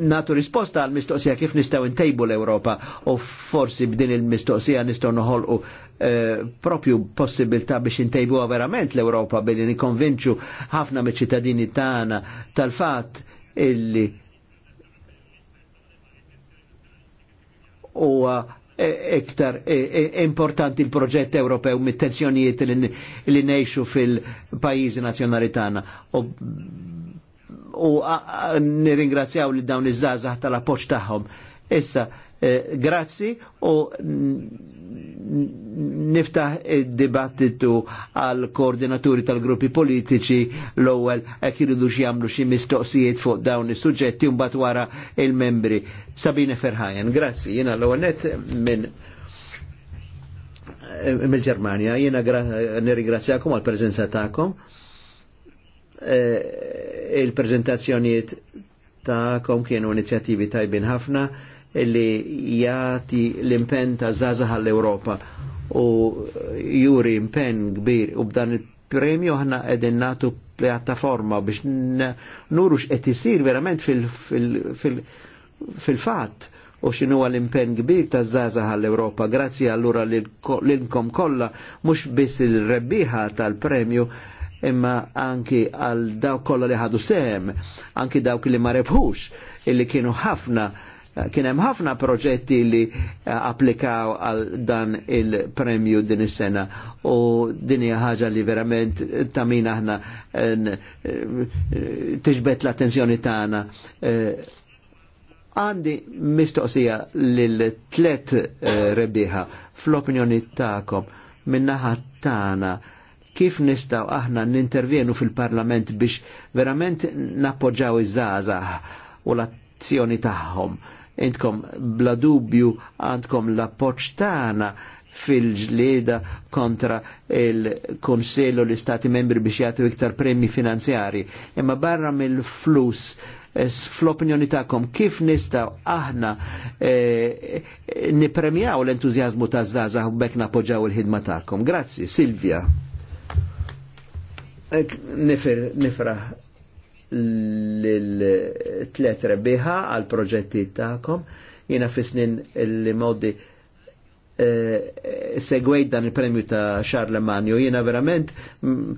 natu risposta għal mistoqsija kif nistaw intejbu l-Europa u forsi b'din il-mistoqsija nistaw noħolqu eh, propju possibilta biex intejbu verament l-Europa billi nikonvinċu ħafna me ċittadini tagħna tal fat illi u eh, iktar e, importanti il-proġett Ewropew mit-tensjonijiet li nejxu fil-pajjiżi nazzjonali tagħna u nirringrazzjaw li dawn iż żazaħ tal-appoġġ tagħhom. Issa, eh, grazzi u niftaħ id-dibattitu għal koordinaturi tal-gruppi politiċi l-ewwel hekk iridu xi jagħmlu xi mistoqsijiet fuq dawn is-suġġetti u mbagħad wara il-membri. Sabine Ferħajen, grazzi, jiena l-ewwel net minn eh, mill-Ġermanja, jiena nirringrazzjakom għal preżenza tagħkom il eh, il-prezentazzjonijiet kom kienu inizjattivi tajbin ħafna illi jati l-impen ta' zazaħ l-Europa u juri impen kbir u b'dan il-premju ħna edin natu pjattaforma biex nuru qed isir verament fil-fatt u xinu l-impen kbir ta' zaza l europa Grazzi allura l-inkom kolla, mux biss il-rebbiħa tal-premju, imma anki għal daw kollha li ħadu sehem, anki dawk li ma rebħux illi kienu ħafna kien hemm ħafna proġetti li eh, applikaw għal dan il-premju din is-sena u din hija ħaġa li verament ta' min aħna eh, eh, tiġbed l-attenzjoni tagħna. Għandi mistoqsija lil tlet rebbieħa fl-opinjoni tagħkom min-naħa tagħna kif nistaw aħna nintervjenu fil-parlament biex verament nappoġġaw iż-żazax u l-azzjoni tagħhom. Intkom bla dubju għandkom l-appoġġ tagħna fil-ġlieda kontra il-Konsello l-Istati membri biex jagħtu iktar premji finanzjari. Imma barra mill-flus eh, fl-opinjoni tagħkom. kif nistaw aħna e, nipremjaw l entużjażmu ta' zazah u bekk napoġaw il-ħidma tagħkom. Grazzi, Silvia nifraħ l-tlet rebiħa għal proġetti ta'kom. Jina fisnin li modi eh, segwejt dan il-premju ta' Charlemagne. Jina verament mm,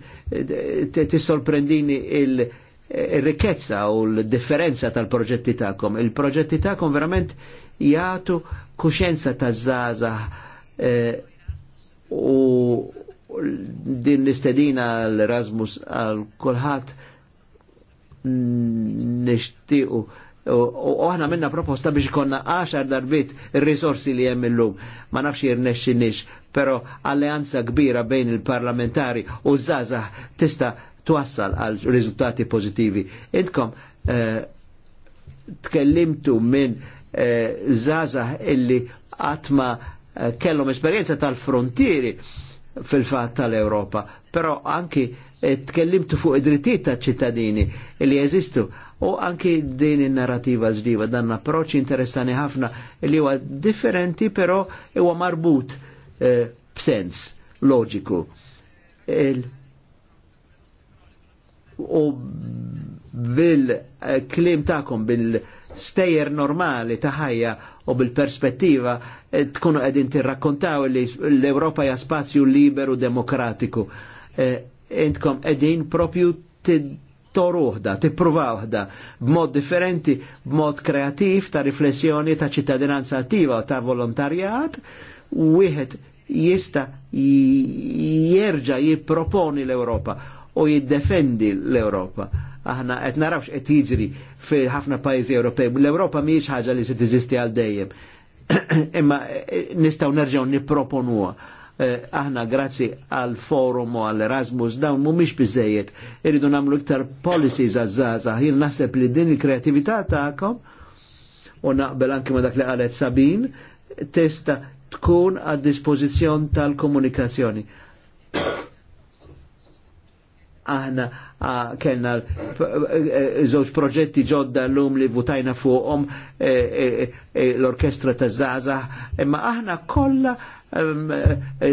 t-sorprendini il-rikezza u l-differenza tal-proġetti ta'kom. Il-proġetti ta'kom verament jgħatu kuxenza ta' zaza eh, u din l-istedina l-Erasmus għal kolħat nishtiqu u aħna minna proposta biex konna 10 darbit il-risorsi li hemm illum. Ma nafx nix pero alleanza kbira bejn il-parlamentari u żgħażagħ tista' twassal għal riżultati pozitivi. Intkom eh, tkellimtu minn żgħażagħ eh, illi għatma eh, kellhom esperjenza tal-frontieri fil-fat tal-Europa. Però anki eh, tkellimtu fuq id-drittijiet tal ċittadini li jeżistu u anki din in-narrativa ġdiva dan approċċ interessani ħafna li huwa differenti però huwa marbut eh, b'sens loġiku. Il u bil-klim eh, ta'kom, bil-stejer normali ta' ħajja u bil-perspettiva eh, tkunu għedin tirrakkontaw li l europa hija spazju liberu demokratiku. Eh, intkom għedin propju toruħda, tippruvawħda b'mod differenti, b'mod kreativ ta' riflessjoni ta' ċittadinanza attiva u ta' volontarjat, wieħed jista' jerġa' jipproponi l europa u jiddefendi l europa aħna qed narawx qed jiġri fi ħafna pajjiżi Ewropej. L-Ewropa mhijiex ħaġa li se tiżisti għal dejjem. Imma eh, nistgħu nerġgħu nipproponuha. Eh, aħna grazzi għal forum u għal Erasmus dawn mhumiex biżejjed. Irridu nagħmlu iktar policies għaż-żgħażagħ. Jien naħseb li din il-kreatività tagħkom u naqbel anke ma dak li qalet Sabin testa tkun għad dispożizzjon tal-komunikazzjoni aħna kellna eh, eh, żewġ proġetti ġodda l-lum li votajna fuqhom eh, l-orkestra ta' Zaza, imma aħna kollha ehm,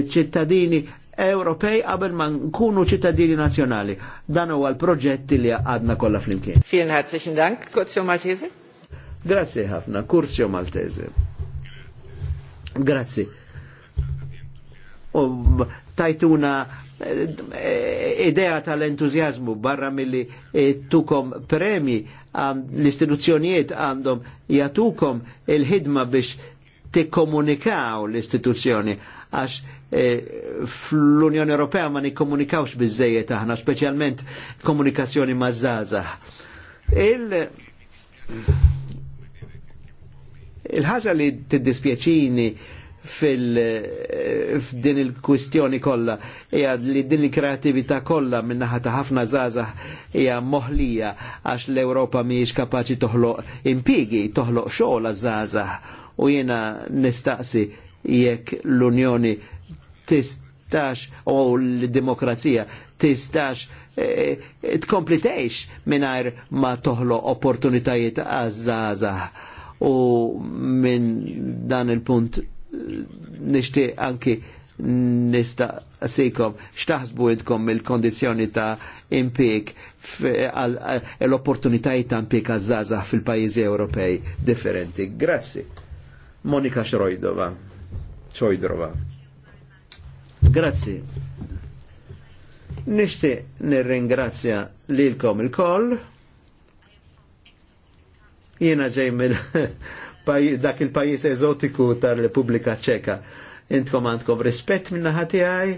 ċittadini Ewropej qabel ma nkunu ċittadini nazzjonali. Dan huwa l-proġetti li għadna kollha flimkien. Vielen herzlichen Dank, Kurzio Maltese. Grazie ħafna, Kurzio Maltese. Grazie. Oh, tajtuna eh, idea tal-entuzjazmu barra milli eh, tukom premi l-istituzzjonijiet għandhom jatukom il-ħidma biex tikkomunikaw l-istituzzjoni għax eh, fl-Unjoni Ewropea ma nikkomunikawx bizzejiet aħna, speċjalment komunikazzjoni mażaza. Il il-ħaġa li tiddispjaċini fil-din il-kwistjoni kollha hija li din il kreattività kollha minnaħa ta' ħafna żgħażagħ hija moħlija għax l-Ewropa mhijiex kapaċi toħloq impigi, toħloq xogħol għaż-żgħażagħ u jiena nistaqsi jekk l-Unjoni tistax u l-demokrazija tistax e, e, tkomplitejx minnajr ma toħlo opportunitajiet għazzaza u minn dan il-punt nishtiq anki nista nistaqsikom xtaħsbu idkom il-kondizjoni ta' impik eh, l-opportunitajiet ta' impik għazzaza fil-pajizi Ewropej differenti. Grazzi. Monika Xrojdova. Xrojdova. Grazzi. Nishti nir-ringrazzja lilkom il-koll. Jena ġej mill dak il-pajis eżotiku tar-Repubblika Ċeka. Intkom għandkom rispett minna ħati għaj,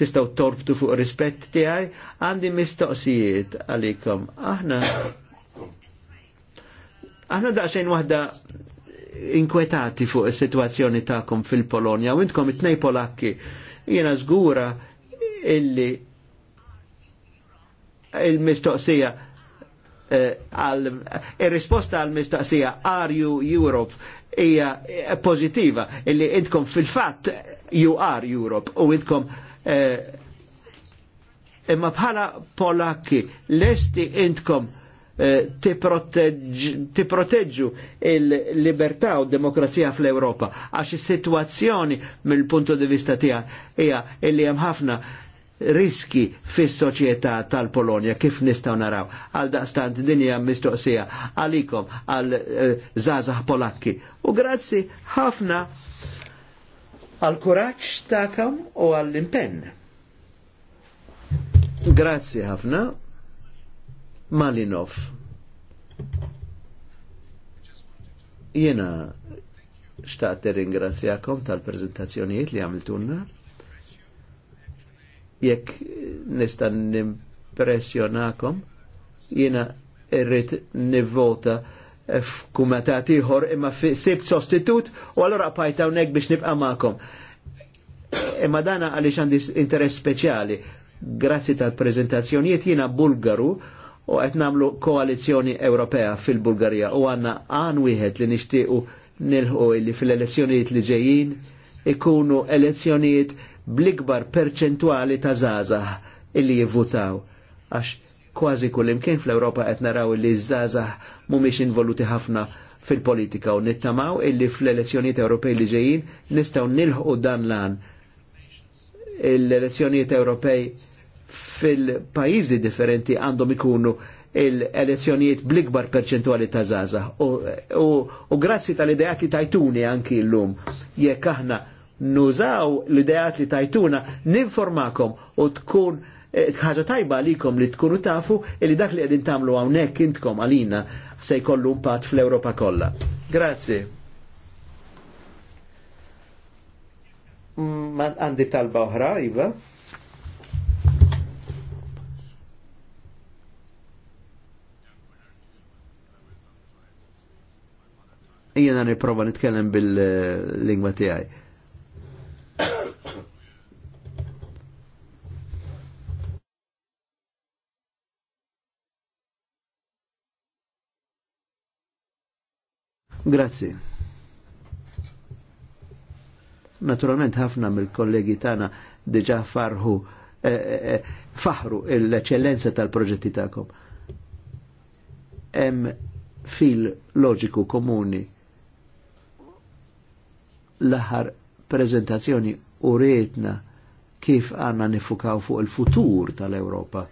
tistaw torbtu fuq rispett tiegħi, għandi mistoqsijiet għalikom. Aħna aħna daqsejn waħda inkwetati fuq is-sitwazzjoni tagħkom fil-Polonja u intkom it-tnej Polakki. Jiena żgura illi il-mistoqsija Eh, eh, il-risposta għal mistaqsija Are you Europe hija eh, pozittiva illi intkom fil-fatt you are Europe u intkom imma bħala Polakki lesti intkom proteġu il-libertà u demokrazija fl-Europa għax is-sitwazzjoni mill-punto di vista tija hija illi hemm ħafna riski fis soċjetà tal-Polonja kif nistgħu naraw. Għal daqstant din hija mistoqsija għalikom għal żgħażagħ eh, Polakki. U grazzi ħafna għal kuraġġ tagħkom u għall impenn. Grazzi ħafna. Malinov. Jena xtaqt ringrazzjakom tal-prezentazzjonijiet li għamiltunna jekk nista' nimpressjonakom, jiena irrit nivvota f'kumitat ieħor imma sib sostitut u allura pajta hawnhekk biex nibqa' magħkom. Imma dana għaliex għandi interess speċjali. Grazzi tal-preżentazzjonijiet jiena Bulgaru u qed nagħmlu koalizzjoni Ewropea fil-Bulgarija u għandna għan wieħed li nixtiequ nilħu li fil-elezzjonijiet li ġejjin ikunu elezzjonijiet bl-ikbar perċentuali ta' zazah illi jivvutaw. Għax kważi kullimkien fl-Europa qed naraw li zazah mhumiex involuti ħafna fil-politika u nittamaw illi fl-elezzjonijiet Ewropej li ġejjin nistgħu nilħu dan lan. L-elezzjonijiet Ewropej fil-pajjiżi differenti għandhom ikunu l-elezzjonijiet bl-ikbar perċentuali ta' zazah. U, u, u grazzi tal-idea tajtuni anki l-lum, jekk aħna nużaw l-idejat li tajtuna, ninformakom u tkun eh, ħaġa tajba għalikom li tkunu tafu li dak li għedin tamlu għawnek intkom għalina se jkollu impatt fl-Europa kollha. Grazzi. Mm, għandi talba oħra, Iva. Jena niprofa nitkellem bil-lingwa eh, tiegħi Grazzi. Naturalment ħafna mill-kollegi tagħna diġà farħu eh, eh, eh, faħru l-eċellenza tal-proġetti tagħkom. Hemm fil loġiku komuni l-aħħar prezentazzjoni u rietna kif għanna nifukaw fuq il-futur tal-Europa.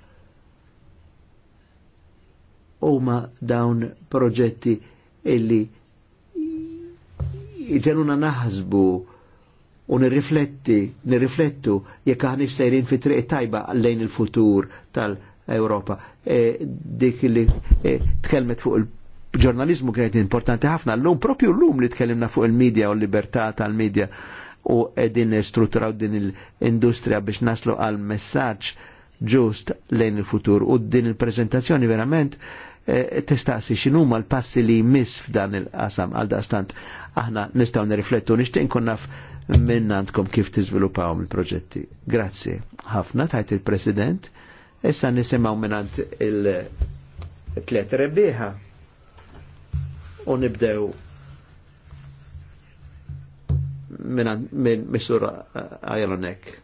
Uma dawn proġetti illi jġenuna naħsbu u nirrifletti, nirriflettu jekk aħna sejrin fi triq tajba lejn il-futur tal-Ewropa. E, dik li e, tkellmet fuq il-ġurnalizmu kienet importanti ħafna, l-lum propju l-lum li tkellimna fuq il-medja u l-libertà tal-medja u edin strutturaw din l-industrija biex naslu għal messaġġ ġust lejn il-futur u din il-prezentazzjoni verament Eh, tistaqsi x'inhuma l-passi li jmiss f'dan il-qasam għal daqstant aħna nistgħu nirriflettu nixtieq nkun naf minn għandkom kif tizvilupaw il-proġetti. Grazzi. Ħafna tajt il-President. Issa nisimgħu minn il tlet rebbieħa. U nibdew minn misura Ajronek.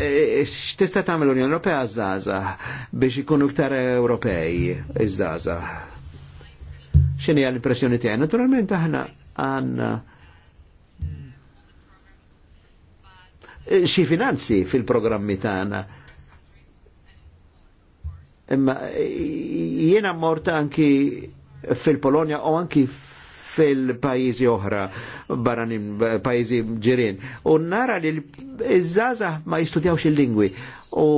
E, x'tista' tagħmel l-Unjoni Ewropea żgħażagħ biex ikunu iktar Ewropej iż-żgħażagħ. X'inhi l-impressjoni tiegħi? Naturalment aħna għandna xi finanzi fil-programmi tagħna. Imma jiena mort anki fil-Polonja u anki fil-pajizi oħra baranin pajizi ġirin. U nara li iż-żaza ma jistudjawx il-lingwi. U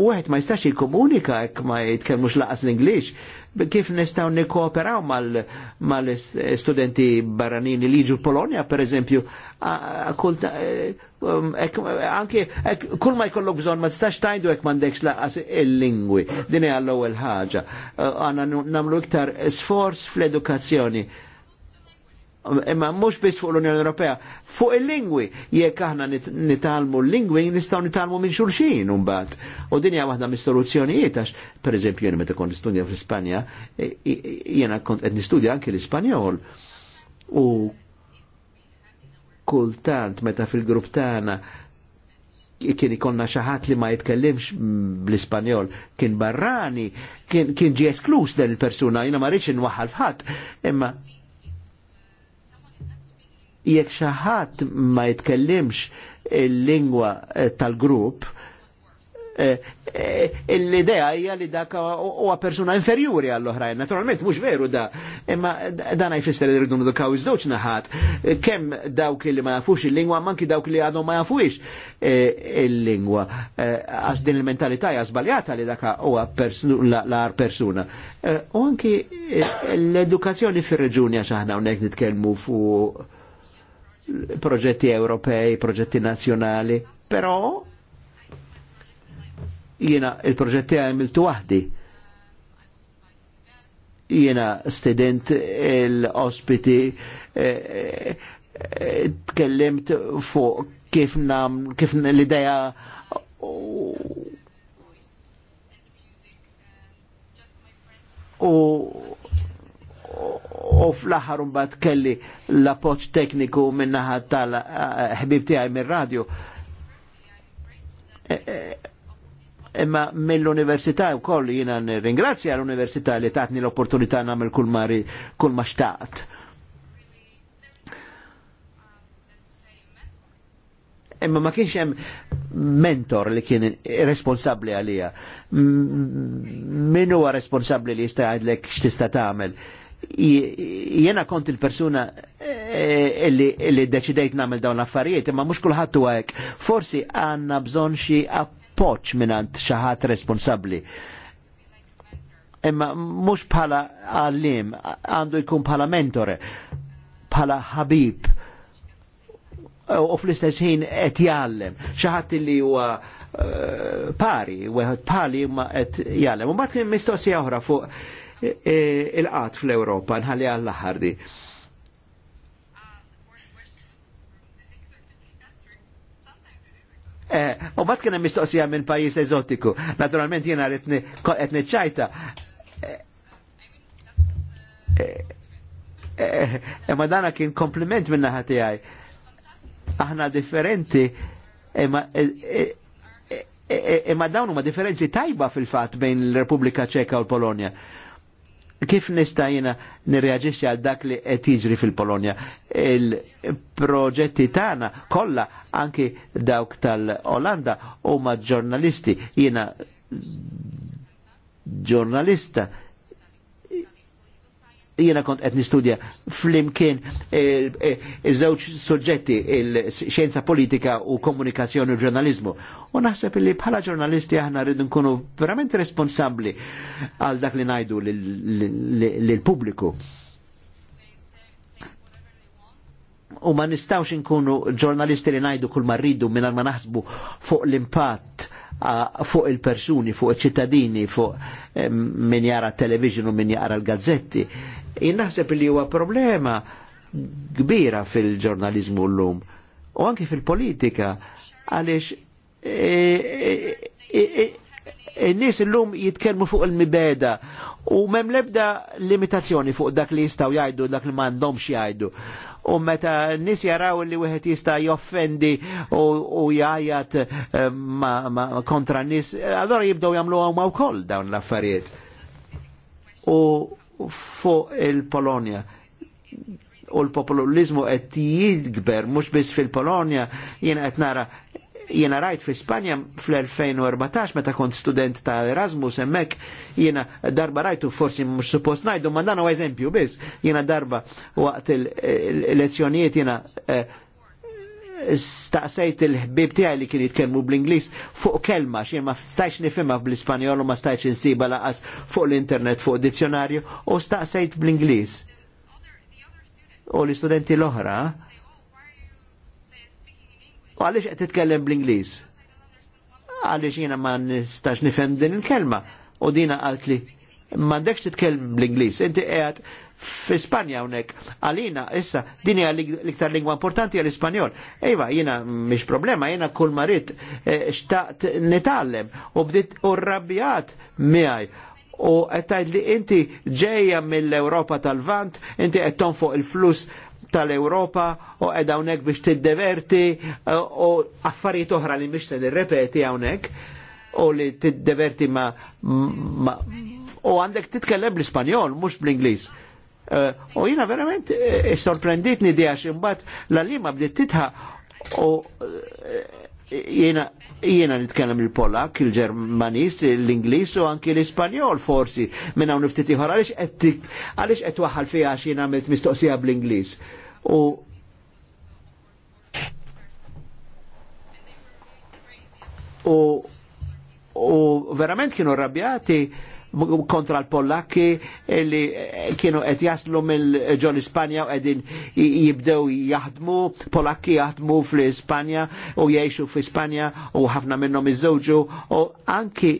wieħed ma jistax jikkomunika jekk ma jitkellmux laqas l ingliex Kif nistgħu nikkooperaw mal-studenti baranin li jiġu Polonja, per eżempju, e, um, anke kull ma jkollok bżonn ma tistax tajdu jekk m'għandekx laqas il-lingwi. Din hija l-ewwel ħaġa. Uh, għandna nagħmlu iktar sforz fl-edukazzjoni imma mhux biss fuq l-Unjoni Ewropea, fuq il-lingwi, jekk aħna nitalmu l-lingwi nistgħu nitalmu minn xulxin mbagħad. U din hija waħda mis-soluzzjonijiet għax pereżempju jien meta kont nistudja fl-Ispanja, jiena kont qed nistudja anke l-Ispanjol. U kultant meta fil-grupp tagħna kien ikonna xaħat li ma jitkellimx bl-Ispanjol, kien barrani, kien ġi esklus dan il-persuna, jiena ma rridx nwaħħal fħat, imma jekk xi ħadd ma jitkellimx il-lingwa eh, tal-grupp, eh, eh, l-idea hija li dak huwa persuna inferjuri għall-oħrajn. Naturalment mhux veru da, imma dan jfisser li rridu ndukaw iż-żewġ naħat. Kemm dawk li ma jafux il-lingwa, manki dawk li għadhom ma jafux il-lingwa. Għax din il-mentalità hija żbaljata li dak huwa l-ar persuna. U anki l-edukazzjoni fir-reġuni għax aħna hawnhekk nitkellmu fuq proġetti Ewropej, proġetti nazjonali, però jiena il-proġetti għamiltu waħdi. Jiena student l-ospiti eh, eh, tkellimt fuq kif nam, kif l-ideja u, u u fl-aħħar mbagħad kelli l-appoġġ tekniku minnaħa tal-ħbib tiegħi mir radio Imma e, e, mill-università wkoll jiena ringrazzja l-università li tatni l-opportunità nagħmel kull mari kull ma xtaqt. imma ma kienx hemm mentor li kien responsabbli għalija. Min huwa responsabbli li jista' jgħidlek x'tista' tagħmel? jena kont il-persuna eh, illi deċidejt namel dawn l-affarijiet, imma mux kullħat u għek. Forsi għanna bżon xie appoċ minnant xaħat responsabli. Imma mux bħala għallim, għandu jkun bħala mentore, bħala ħabib u fl-istess ħin qed jgħallem xaħat illi li huwa eh, pari, wieħed pali ma qed jgħallem. U mbagħad mistoqsija oħra fuq E, il-qat fl-Europa, nħalli għall-ħardi. E, u bat kena mistoqsija minn pajis eżotiku. Naturalment jena etni ċajta. E, ma dana kien kompliment minn naħati għaj. Aħna differenti, ema dawnu ma differenzi tajba fil-fat bejn l-Repubblika Ċeka u l polonia Kif nista'jina jiena għal dak li qed jiġri fil-Polonja? Il-proġetti tagħna kollha anki dawk tal-Olanda huma ġurnalisti, jiena ġurnalista jiena kont qed nistudja flimkien eh, eh, iż-żewġ suġġetti il-xjenza politika u komunikazzjoni u ġurnalizmu. U naħseb li bħala ġurnalisti aħna rridu nkunu verament responsabbli għal dak li ngħidu lill-pubbliku. U ma nistawx nkunu ġurnalisti li ngħidu kull ma rridu minn ma naħsbu fuq l-impatt fuq il-persuni, fuq il-ċittadini, fuq eh, min jara television u min jara l-gazzetti. Innaħseb li huwa problema kbira fil-ġurnalizmu l-lum u anki fil-politika għaliex il eh, eh, nis l-lum jitkelmu fuq il-mibeda u mem lebda limitazzjoni fuq dak li jistaw jajdu dak li mandomx jajdu u meta nis jaraw li wieħed jista' joffendi u jajat eh, kontra nis, allora jibdew jagħmlu huma wkoll dawn l-affarijiet. U fuq il-Polonja u l-populizmu qed jikber mhux biss fil-Polonja jiena qed nara Jena rajt fi Spanja fl-2014 meta kont student ta' Erasmus emmek jena darba rajtu forsi mux suppost najdu ma dan eżempju biss jena darba waqt il-lezzjonijiet jena eh, staqsejt il-ħbib tiegħi li kien jitkellmu bl-Ingliż fuq kelma xejn ma stajx nifhimha bl-Ispanjol u ma stajx insiba laqas fuq l-internet fuq dizzjonarju u staqsejt bl-Ingliż. U l-istudenti l-oħra U għaliex qed titkellem bl-Ingliż? Għaliex jiena ma nistax nifhem din il-kelma. U dina għalt li m'għandekx titkellem bl-Ingliż, inti qiegħed fi Spanja unek, għalina, issa, dini hija l-iktar lingwa importanti għal ispanjol Ejva, jina, mish problema, jina kull marit, eh, xtaqt e, nitallem, u bdiet u rabjat miħaj. U għettajt li inti ġeja mill-Europa tal-Vant, inti għetton fuq il-flus tal-Europa u edha hawnhekk biex diverti eh, u affarijiet oħra li biex t nirrepeti hawnhekk u li tiddeverti ma, ma u għandek titkellem l-Ispanjol mhux bl-Ingliż. Eh, u jina verament eh, sorprenditni di għax imbagħad l alima bdiet titħa u jina jiena nitkellem il-Polak, il-Ġermanis, l-Inglis u anki l-Ispanjol forsi minn hawn ftit ieħor għaliex qed għaliex qed waħħal fi għax jien għamilt mistoqsija bl-Ingliż u u u verament kienu rrabjati kontra l pollaki li kienu qed jaslu mill-ġol Ispanja u qegħdin jibdew jaħdmu, Polakki jaħdmu fl-Ispanja u jgħixu fl-Ispanja u ħafna minnhom iżżewġu u anki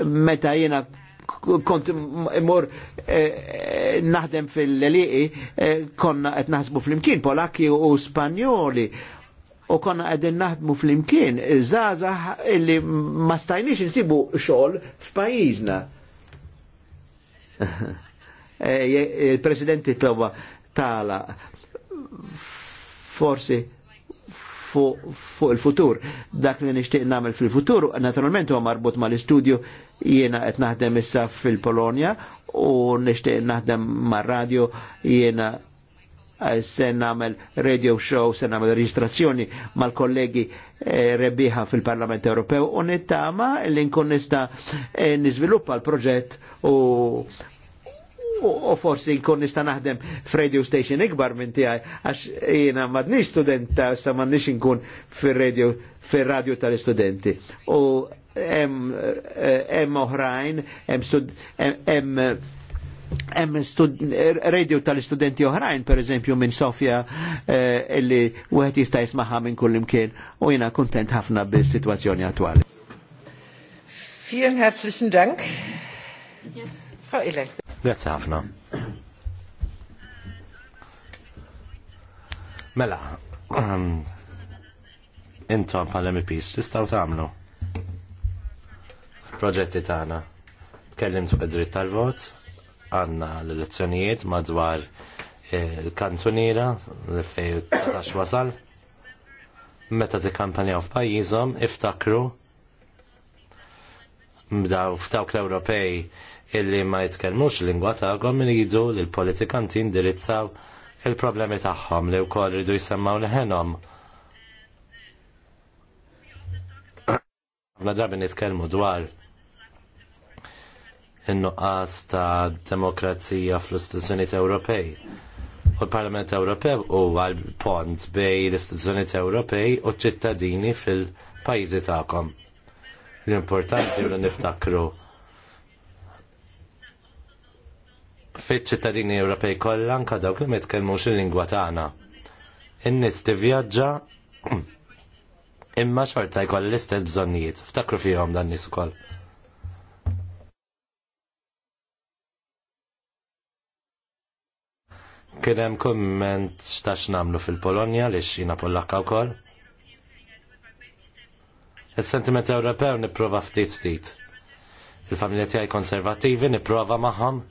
meta jiena kont imur eh, eh, naħdem fil-liqi eh, konna għed naħsbu fl-imkien Polakki u Spanjoli u konna għedin naħdmu fl-imkien zazah illi ma stajniex nsibu xol f'pajizna. Il-presidenti tloba tala forsi fuq il-futur. Dak li nishtiq namel fil-futur, naturalment huwa marbut mal-istudju jiena qed naħdem issa fil-Polonja u nixtieq naħdem mar-radio jiena eh, se nagħmel radio show, se nagħmel reġistrazzjoni mal-kollegi eh, rebbieħa fil-Parlament Ewropew u nittama li nkun nista eh, niżviluppa l-proġett u u forsi nkun nista naħdem f'radio station ikbar minn tiegħi għax jiena madni studenta sa madniex nkun fir-radio fir-radio tal-istudenti. U hemm eh, oħrajn, hemm stud, radio tal-istudenti oħrajn, per eżempju, minn Sofia, eh, illi wieħed jista' jismaha minn kull imkien u jina kontent ħafna bis situazzjoni attuali. Vielen herzlichen Dank. Yes. Frau Ile. Grazie ħafna. Mela, intom pal-MPs tistaw tagħmlu proġetti tagħna. Tkellimt fuq id-dritt tal-vot, għandna l-elezzjonijiet madwar eh, il-kantuniera li fej 19 wasal. Meta tikkampanjaw f'pajjiżhom iftakru bdaw f'dawk l-Ewropej illi ma jitkellmux lingwa tagħhom iridu li l-politikanti indirizzaw il-problemi tagħhom li wkoll iridu jsemmaw leħenhom. Għafna drabi nitkellmu dwar in-nuqqas ta' demokrazija fl-istituzzjonijiet Ewropej. U l-Parlament Ewropew huwa l-pont bej l-istituzzjonijiet Ewropej u ċittadini fil-pajjiżi tagħkom. L-importanti u niftakru fiċ-ċittadini Ewropej kollha anke dawk li metkelmu jitkellmux lingwa tagħna. In-nies tivvjaġġa imma xorta jkoll l-istess bżonnijiet. Ftakru fihom dan nies ukoll. Kien hemm komment x'tax nagħmlu fil-Polonja li xina Pollakka wkoll. Is-sentiment Ewropew nipprova ftit ftit. Il-familja tiegħi konservattivi nipprova magħhom.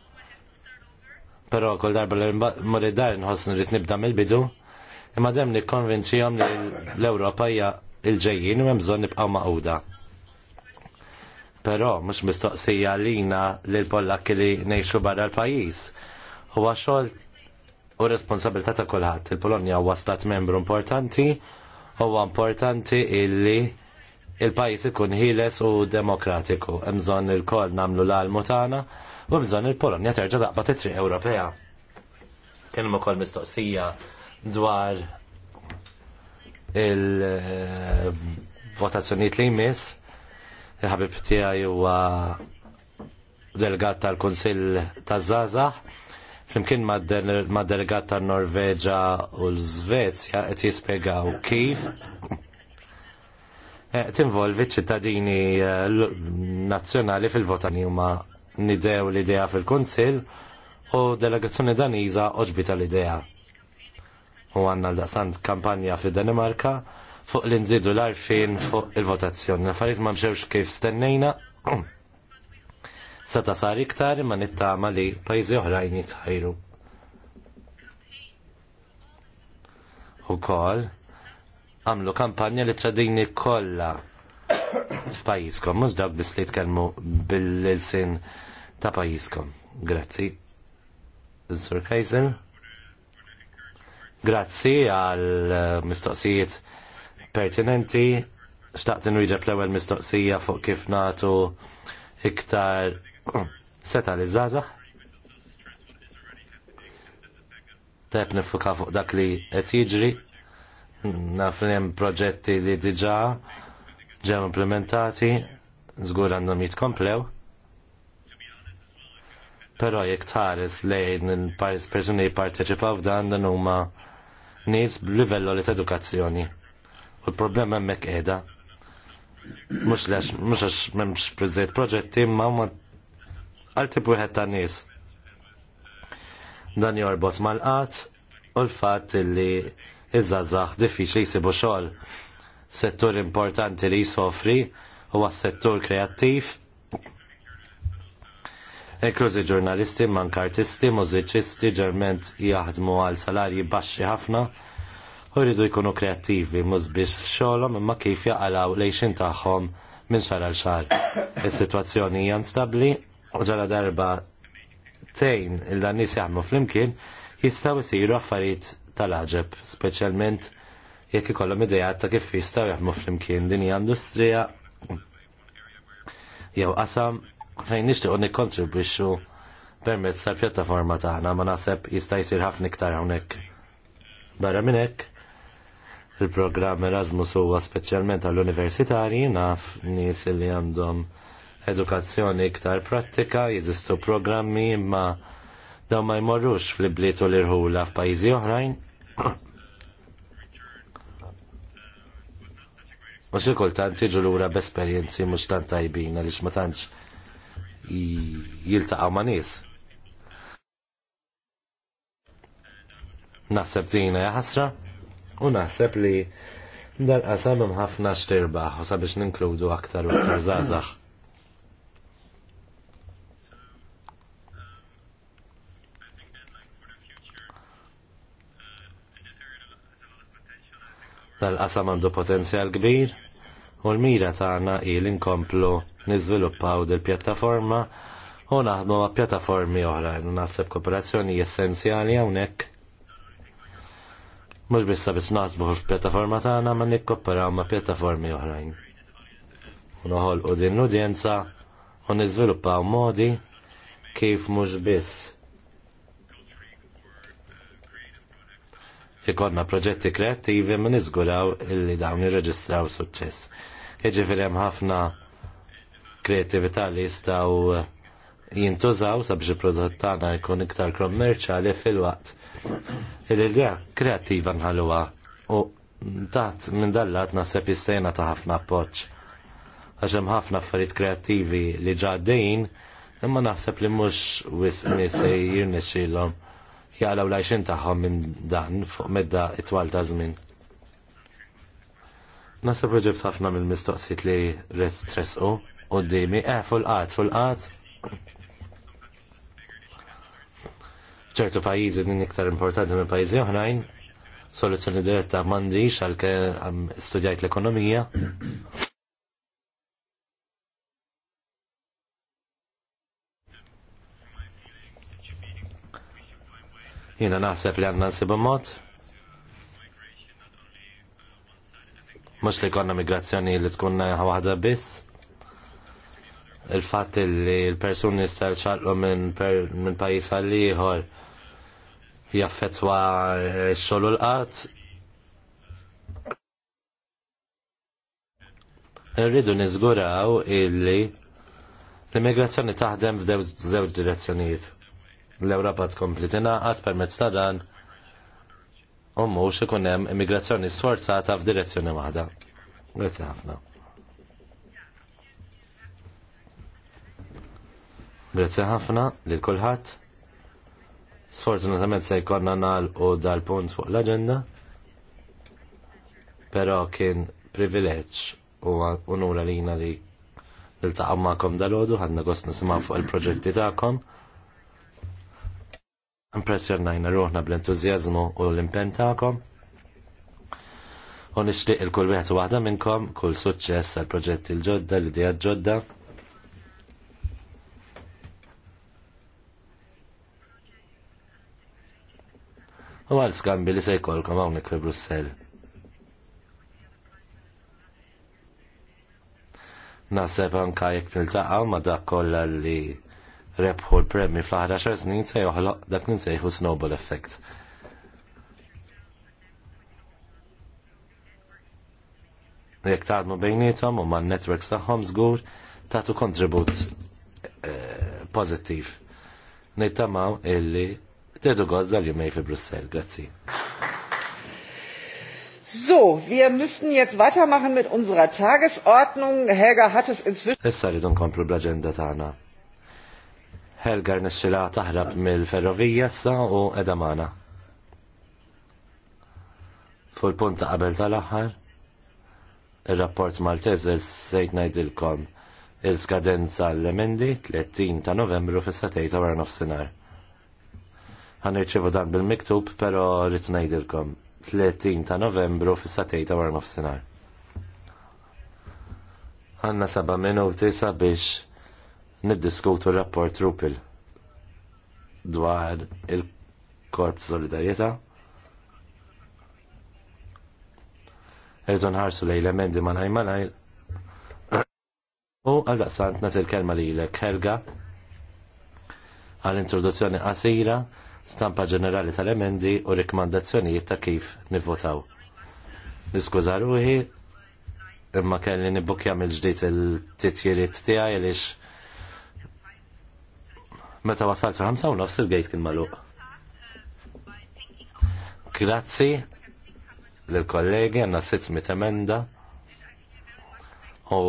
Però kull darba li mmur id-dar nħoss nrid nibda mill-bidu. Imma dem nikkonvinċihom li l-Ewropa hija il-ġejjin u hemm bżonn nibqgħu maquda. Però mhux mistoqsija lina lil Pollakki li ngħixu barra l-pajjiż. Huwa xogħol u responsabilità ta' kulħadd. Il-Polonja huwa stat membru importanti, huwa importanti illi il-pajis ikun ħieles u demokratiku. Hemm bżonn il-koll nagħmlu l-almu tagħna u bżonn il-Polonja terġa' daqba titriq Ewropea. Kien hemm ukoll mistoqsija dwar il-votazzjonijiet li jmiss. Il-ħabib tiegħi huwa delegat tal-Kunsill taż-Żgħażagħ flimkien mad delegat ta' Norveġa u l-Svezja qed jispjegaw kif eh, tinvolvi ċittadini eh, nazzjonali fil-votani huma nidew l-idea fil-Kunsill u delegazzjoni Daniża oġbita l-idea. U għanna l-daqsant kampanja fil-Danimarka fuq l-inżidu l-arfin fuq il-votazzjoni. l ma mxewx kif stennejna Seta sar iktar ma nittama li pajzi oħrajn jitħajru. U kol, għamlu kampanja li tradini kolla f'pajiskom, mux dak bis li tkellmu bil lilsin ta' pajiskom. Grazzi. Sir Kaiser? Grazzi għal eh, mistoqsijiet pertinenti. Xtaqt inwiġab l-ewel mistoqsija fuq kif natu iktar seta li zazax. Tep nifuka fuq dak li qed jiġri, naf li hemm proġetti li diġà ġew implementati, żgur għandhom jitkomplew. Però jekk tħares lejn persuni jipparteċipaw f'dan dan huma nies b'livello li ta' edukazzjoni. U l-problema hemmhekk qiegħda. Mhux għax m'hemmx preżejt proġetti imma għal tipu wieħed ta' nies. Dan jorbot mal-qat u l-fatt li iż-żazax diffiċli jsibu xogħol. Settur importanti li jsofri huwa settur kreattiv. Inklużi ġurnalisti, mank artisti, mużiċisti ġerment jaħdmu għal salarji baxxi ħafna u rridu jkunu kreattivi mhux biex xogħolhom imma kif jaqalaw lejxin tagħhom minn xar għal xar. Is-sitwazzjoni hija instabbli u darba tejn il-dan nis jaħmu fl-imkien jistaw jisiru affarijiet tal-aġeb, speċjalment jekk ikollhom ideja ta' kif jistgħu fl flimkien din hija industrija jew qasam fejn nixtiequ nikkontribwixxu permezz tal-pjattaforma tagħna ma naħseb jista' jsir ħafna iktar hawnhekk. Barra minn hekk, il-programm Erasmus huwa speċjalment għall universitarji naf nies li għandhom edukazzjoni iktar prattika, jizistu programmi imma daw ma jmorrux fl-bliet u l-irħula f'pajjiżi oħrajn. Mux xi kultant jiġu lura b'esperjenzi mhux tant tajbin għaliex ma tantx jiltaqgħu ma' nies. Naħseb dina ħasra u naħseb li dal qasam ħafna xtirbaħ u sabiex ninkludu aktar u aktar zazax. tal qasam għandu potenzjal kbir u l-mira tagħna hi li nkomplu niżviluppaw dil pjattaforma u naħdmu ma' pjattaformi oħra naħseb kooperazzjoni essenzjali hawnhekk. Mhux bissa biss naħsbu f'pjattaforma pjattaforma tagħna ma nikkopperaw ma' pjattaformi oħrajn. U noħolqu din l-udjenza u niżviluppaw modi kif mhux biss ikonna proġetti kreattivi ma niżguraw illi dawn jirreġistraw suċċess. Jiġifieri hemm ħafna kreatività li jistgħu jintużaw sabiex il-prodott tagħna jkun iktar kommerċjali fil-waqt il-idea kreattiva nħalluha u tat minn dallat naħseb jistajna ta' ħafna appoġġ. Għax hemm ħafna affarijiet kreattivi li ġaddejn imma naħseb li mhux wisni se jirnexxielhom jgħalaw lajxin taħħom minn dan fuq medda it-twal ta' żmien. Nasab reġib ħafna mill-mistoqsit li rest tresqu u d-dimi, eh, fulqat, fulqat. ċertu pajizi din iktar importanti minn pajizi oħrajn, soluzzjoni diretta mandiċ għal studjajt l-ekonomija. Jiena naħseb li għandna nsibu mod. Mhux li konna migrazzjoni li tkun waħda biss. il fat li l-persuni jistgħu ċaqlu minn pajjiż għal ieħor jaffetwa x-xogħol l-qatt Irridu nizguraw illi l-immigrazzjoni taħdem f'żewġ direzzjonijiet l-Ewropa tkompli tingħaqad permezz ta' dan u mhux ikun hemm immigrazzjoni sforzata f'direzzjoni waħda. Grazzi ħafna. Grazzi ħafna lil kulħadd. Sfortunatament se jkollna nagħlqu dal-punt fuq l-aġenda, però kien privileġġ u unura lina li niltaqgħu magħkom dal-għodu, ħadna gost nisimgħu fuq il-proġetti tagħkom. Impressjonajna ruħna bl-entuzjazmu u l-impentakom. U nixtieq il-kull wieħed waħda minnkom kull suċċess għal proġetti l-ġodda, l-idea ġodda. U għal skambi li se jkollkom hawnhekk fi Brussell. Naħseb anka jekk tiltaqgħu ma dak kollha li rebħu l premi fl-11 snin se joħloq dak ninsejħu snowball effect. Jek taħdmu bejnietom u ma' networks taħħom zgur taħtu kontribut eh, pozittiv. Nittamaw illi tedu għazza li mej fi Brussel. Grazzi. So, wir müssen jetzt weitermachen mit unserer Tagesordnung. Helga hat es inzwischen. Es sei dun kommt die agenda tagħna. Helgar nixxila taħrab mill-ferrovija sa u edamana. Fu l ta' qabel tal-aħħar, il-rapport Maltez sejt ngħidilkom il-skadenza l-emendi 30 ta' novembru fis ta' ta' wara Għan irċivu dan bil-miktub, però rrit najdilkom 30 ta' novembru fissatej ta' wara nofsinhar. Għanna seba' minuti sabiex niddiskutu rapport Rupil dwar il-Korp Solidarieta. Eżon nħarsu lej l-emendi ma nħaj malaj. U għal-daqsant nat il-kelma li l Helga għal-introduzzjoni qasira, stampa ġenerali tal-emendi u rekomandazzjonijiet ta' kif nivvotaw. Niskuża imma kelli nibbukja mill-ġdid il-titjiriet tijaj għaliex Meta wasalt fil-ħamsa u nofs il gate kien maluq. Grazzi lill-kollegi għandna 600 emenda u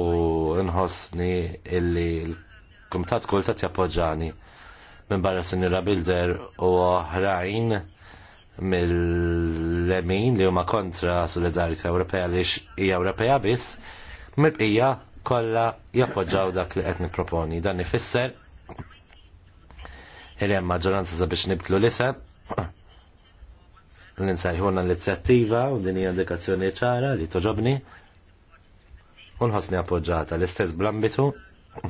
nħossni illi l-Kumitat Kultat jappoġġani minn barra Sinjura Bilder u oħrajn mill-lemin li huma kontra Solidarita Ewropea li hija Ewropea biss, mill-bqija kollha jappoġġaw dak li qed nipproponi. Dan ifisser il-hemm maġġoranza sabiex nibtlu l-isem. Ninsajħuna l-inizjattiva u din hija indikazzjoni ċara li toġobni. Unħosni appoġġata l-istess blambitu.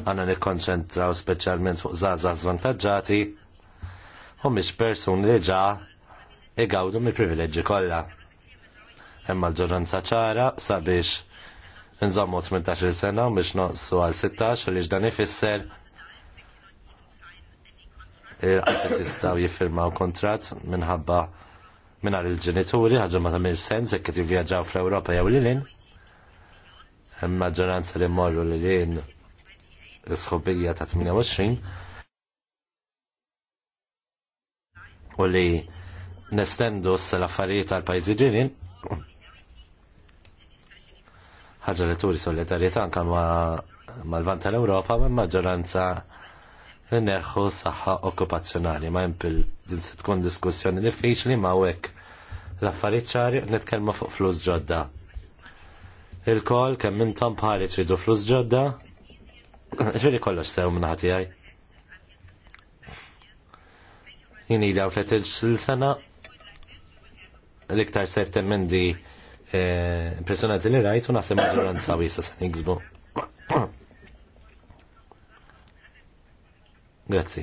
Għanna nikkonċentraw speċjalment fuq zaza zvantagġati u mhix persuni li ġa igawdu mill-privileġġi kollha. Hemm maġġoranza ċara sabiex nżommu 18 sena u miex noqsu għal 16 li ġdan ifisser għalfis jistaw jiffirmaw kontrat minħabba minnar il-ġenituri, ħagġa ma tamil sens, jekk ti vjaġġaw fl-Ewropa jew lilin. Hemm maġġoranza li morru lilin l-sħobija ta' 28 u li nestendu s-affarijiet għal pajzi ġirin. ħagġa li turi solidarieta anka ma mal-vant tal-Ewropa, ma maġġoranza neħu saħħa okkupazzjonali ma' jempil din se tkun diskussjoni diffiċli ma' wek l-affarijiet ċari nitkellma fuq flus ġodda. Il-kol kemm intom bħali tridu flus ġodda, ġveri kollox sew minn ħati għaj. Jini daw tletil sena l-iktar sette di eh, impressionati li rajt u għan sawi wisa se niksbu. Grazzi.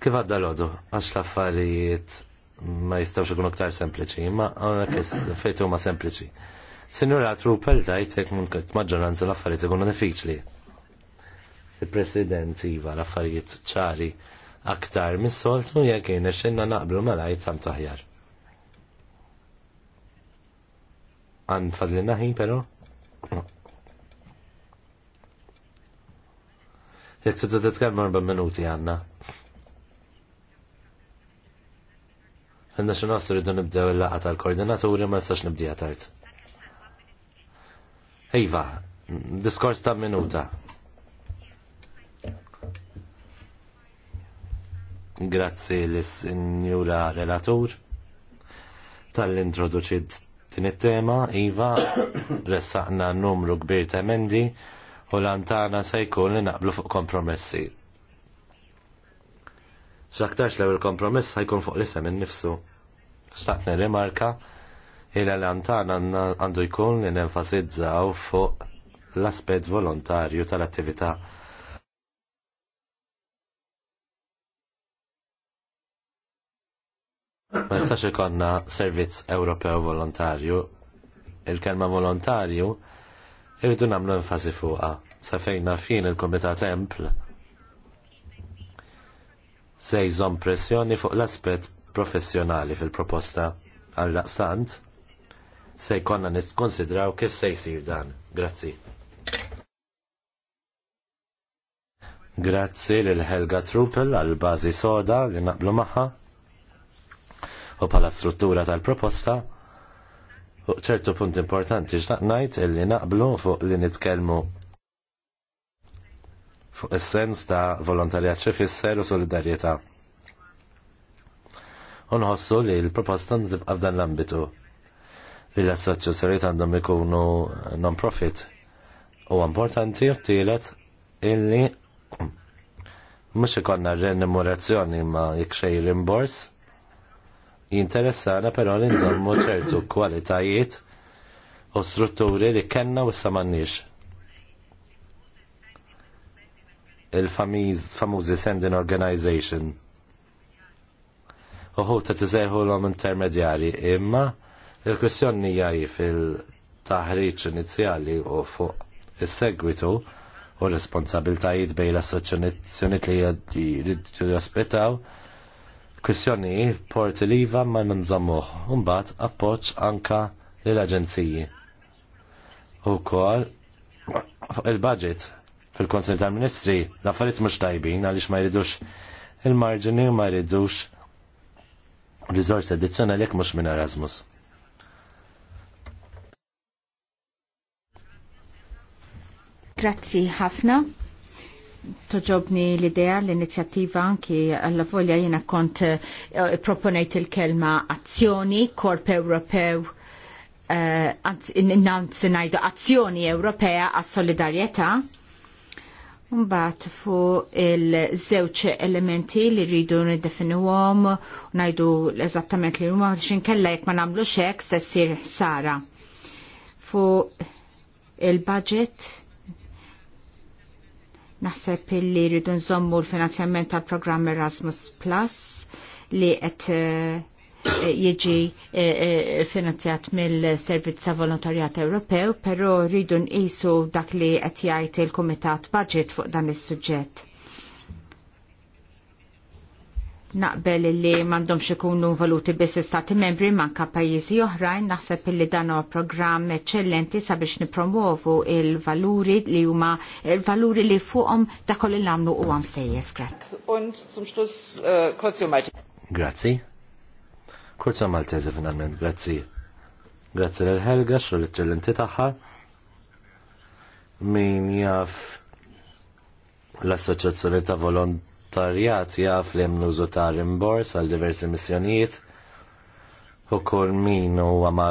Kif għadda l-ħodu? Għax l-affarijiet ma jistawx ikunu ktar sempliċi, ma għonek fejtu ma sempliċi. Sinjura Trupel tajt jek munkert maġġoranza l-affarijiet ikunu diffiċli. Il-President iva l-affarijiet ċari aktar mis-soltu jek jien xinna naqblu lajt sam taħjar. Għan fadlinna ħin pero? Jek t titkellmu marba' minuti għandna. Għandna xi nofs irridu nibdew il-laqgħa tal-koordinaturi ma nistax nibdija tard. Iva, diskors ta' minuta. Grazzi l-Sinjura Relatur tal-introduċi din it-tema, Iva, ressaqna numru kbir ta' emendi u lantana se jkun li naqblu fuq kompromessi. Xaktarx l ewwel kompromess ħajkun fuq l-isem innifsu. Staqni li marka il lantana għandu jkun li nenfasizzaw fuq l-aspet volontarju tal-attività Ma jistax ikonna servizz Ewropew volontarju. Il-kelma volontarju irridu nagħmlu enfasi fuqha sa fejna fin il kumitat Empl se jżomm pressjoni fuq l-aspett professjonali fil-proposta għal daqstant se jkollna niskonsidraw kif se jsir dan. Grazzi. Grazzi lil Helga Truppel għal bażi soda li naqblu magħha u bħala struttura tal-proposta U ċertu punt importanti xtaq illi naqblu fuq li nitkelmu fuq is-sens ta' volontarjat xi u solidarjetà. Unħossu li l-proposta tibqa' f'dan l-ambitu li l sarit għandhom ikunu non-profit u importanti tielet illi mhux ikonna remunerazzjoni ma jekk xejn rimbors Jinteressana però li nżommu ċertu kwalitajiet u strutturi li kellna u issa m'għandniex. Il-famużi sending organization. Uħu ta' tiżejħu l-om intermedjari imma il-kwestjoni jgħaj fil-taħriċ inizjali u fuq is-segwitu u responsabiltajiet bej l-assoċjoniet li jridu jospitaw kwestjoni port l-IVA ma nżammuħ, imbagħad appoċ anka l-aġenziji. U kol il-budget fil-Konsil tal-Ministri l-affarijiet mhux tajbin għaliex ma jridux il-marġini u ma jridux rizors addizzjonali jekk mhux minn Erasmus. Grazzi ħafna toġobni l-idea, l-inizjattiva anki għall-volja jena kont eh, proponajt il-kelma azzjoni, korp Ewropew, innanzi eh, najdu azzjoni Ewropea għas solidarieta Mbagħad fuq il-żewġ elementi li rridu niddefinuhom u ngħidu eżattament li huma x'inkella jekk ma nagħmlux hekk se ssir sara. Fu il-budget Naħseb li rridu nżommu l-finanzjament tal-programm Erasmus Plus li qed eh, eh, jiġi eh, finanzjat mill servizza Volontarjat Ewropew, però rridu nqisu dak li qed jgħid il-Kumitat Budget fuq dan is-suġġett naqbel li mandom ikunu involuti biss istati membri manka pajjiżi oħrajn naħseb illi dan huwa programm eċċellenti sabiex nipromovu il-valuri li huma il-valuri li fuqhom dakol li nagħmlu huwa msejjes. Grazzi. Kurza äh, Maltese finalment, grazzi. Grazzi l Helga xogħol eċċellenti tagħha. Min jaf l-Assoċjazzjoni ta' Volont tarjat jaf li hemm użu ta' rimbors għal diversi missjonijiet u kull min huwa ma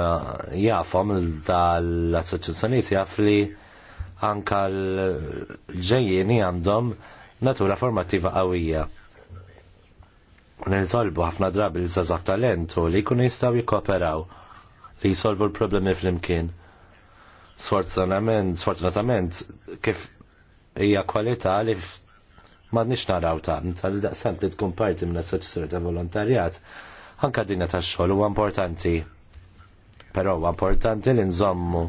jafhom l-assoċjazzjonijiet jaf li anka l-ġejjieni għandhom natura formattiva qawwija. Nitolbu ħafna drabi li sażab talentu li jkunu jistgħu jikkooperaw li jisolvu l-problemi flimkien. Sfortunatament, sfortunatament, kif hija kwalità li ma nix naraw ta' tal-daqsant li tkun parti minn assoċjazzjoni ta' volontarjat, anka dinja ta' xogħol huwa importanti. Però huwa importanti li nżommu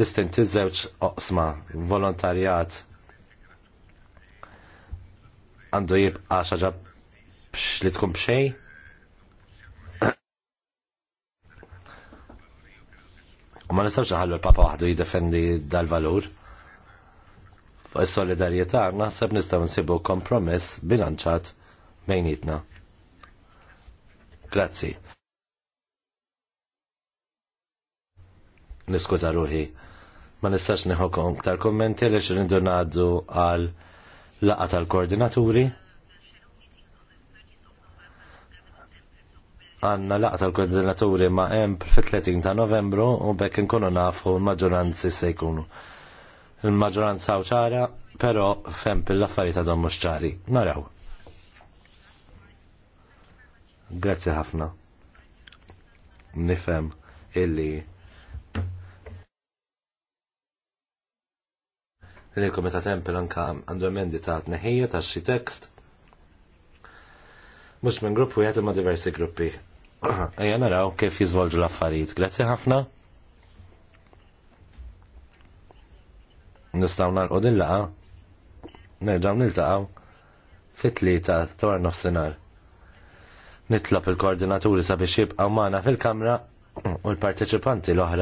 distinti żewġ oqsma volontarjat għandu jibqa xaġa li tkun bxej. U ma nistawx ħallu l-papa waħdu jiddefendi dal-valur. Fuq is-solidarjetà naħseb nistgħu nsibu kompromess bilanċat bejnietna. Grazzi. Niskuża ruħi. Ma nistax neħokom ktar kommenti li xirrindu ngħaddu għal laqa tal-koordinaturi. għanna laqa tal-koordinaturi ma' emp fit-30 ta' novembru u bekk nkunu nafu l-maġġoranzi se jkunu il-maġoranza ċara, pero fem pill affarijiet għadhom mhux ċari. Naraw. Grazzi ħafna. Nifhem illi il-komita tempel anka għandu emendi ta' t-neħija ta' xi tekst. Mhux minn grupp wieħed ma' diversi gruppi. Ejja naraw kif jizvolġu l-affarijiet. Grazzi ħafna. Nistaw narqu din laqa, nerġaw niltaqaw fit-tlieta twar nofsinhar. Nitlob il-koordinaturi sabiex jibqgħu magħna fil-kamra u l-parteċipanti l-oħra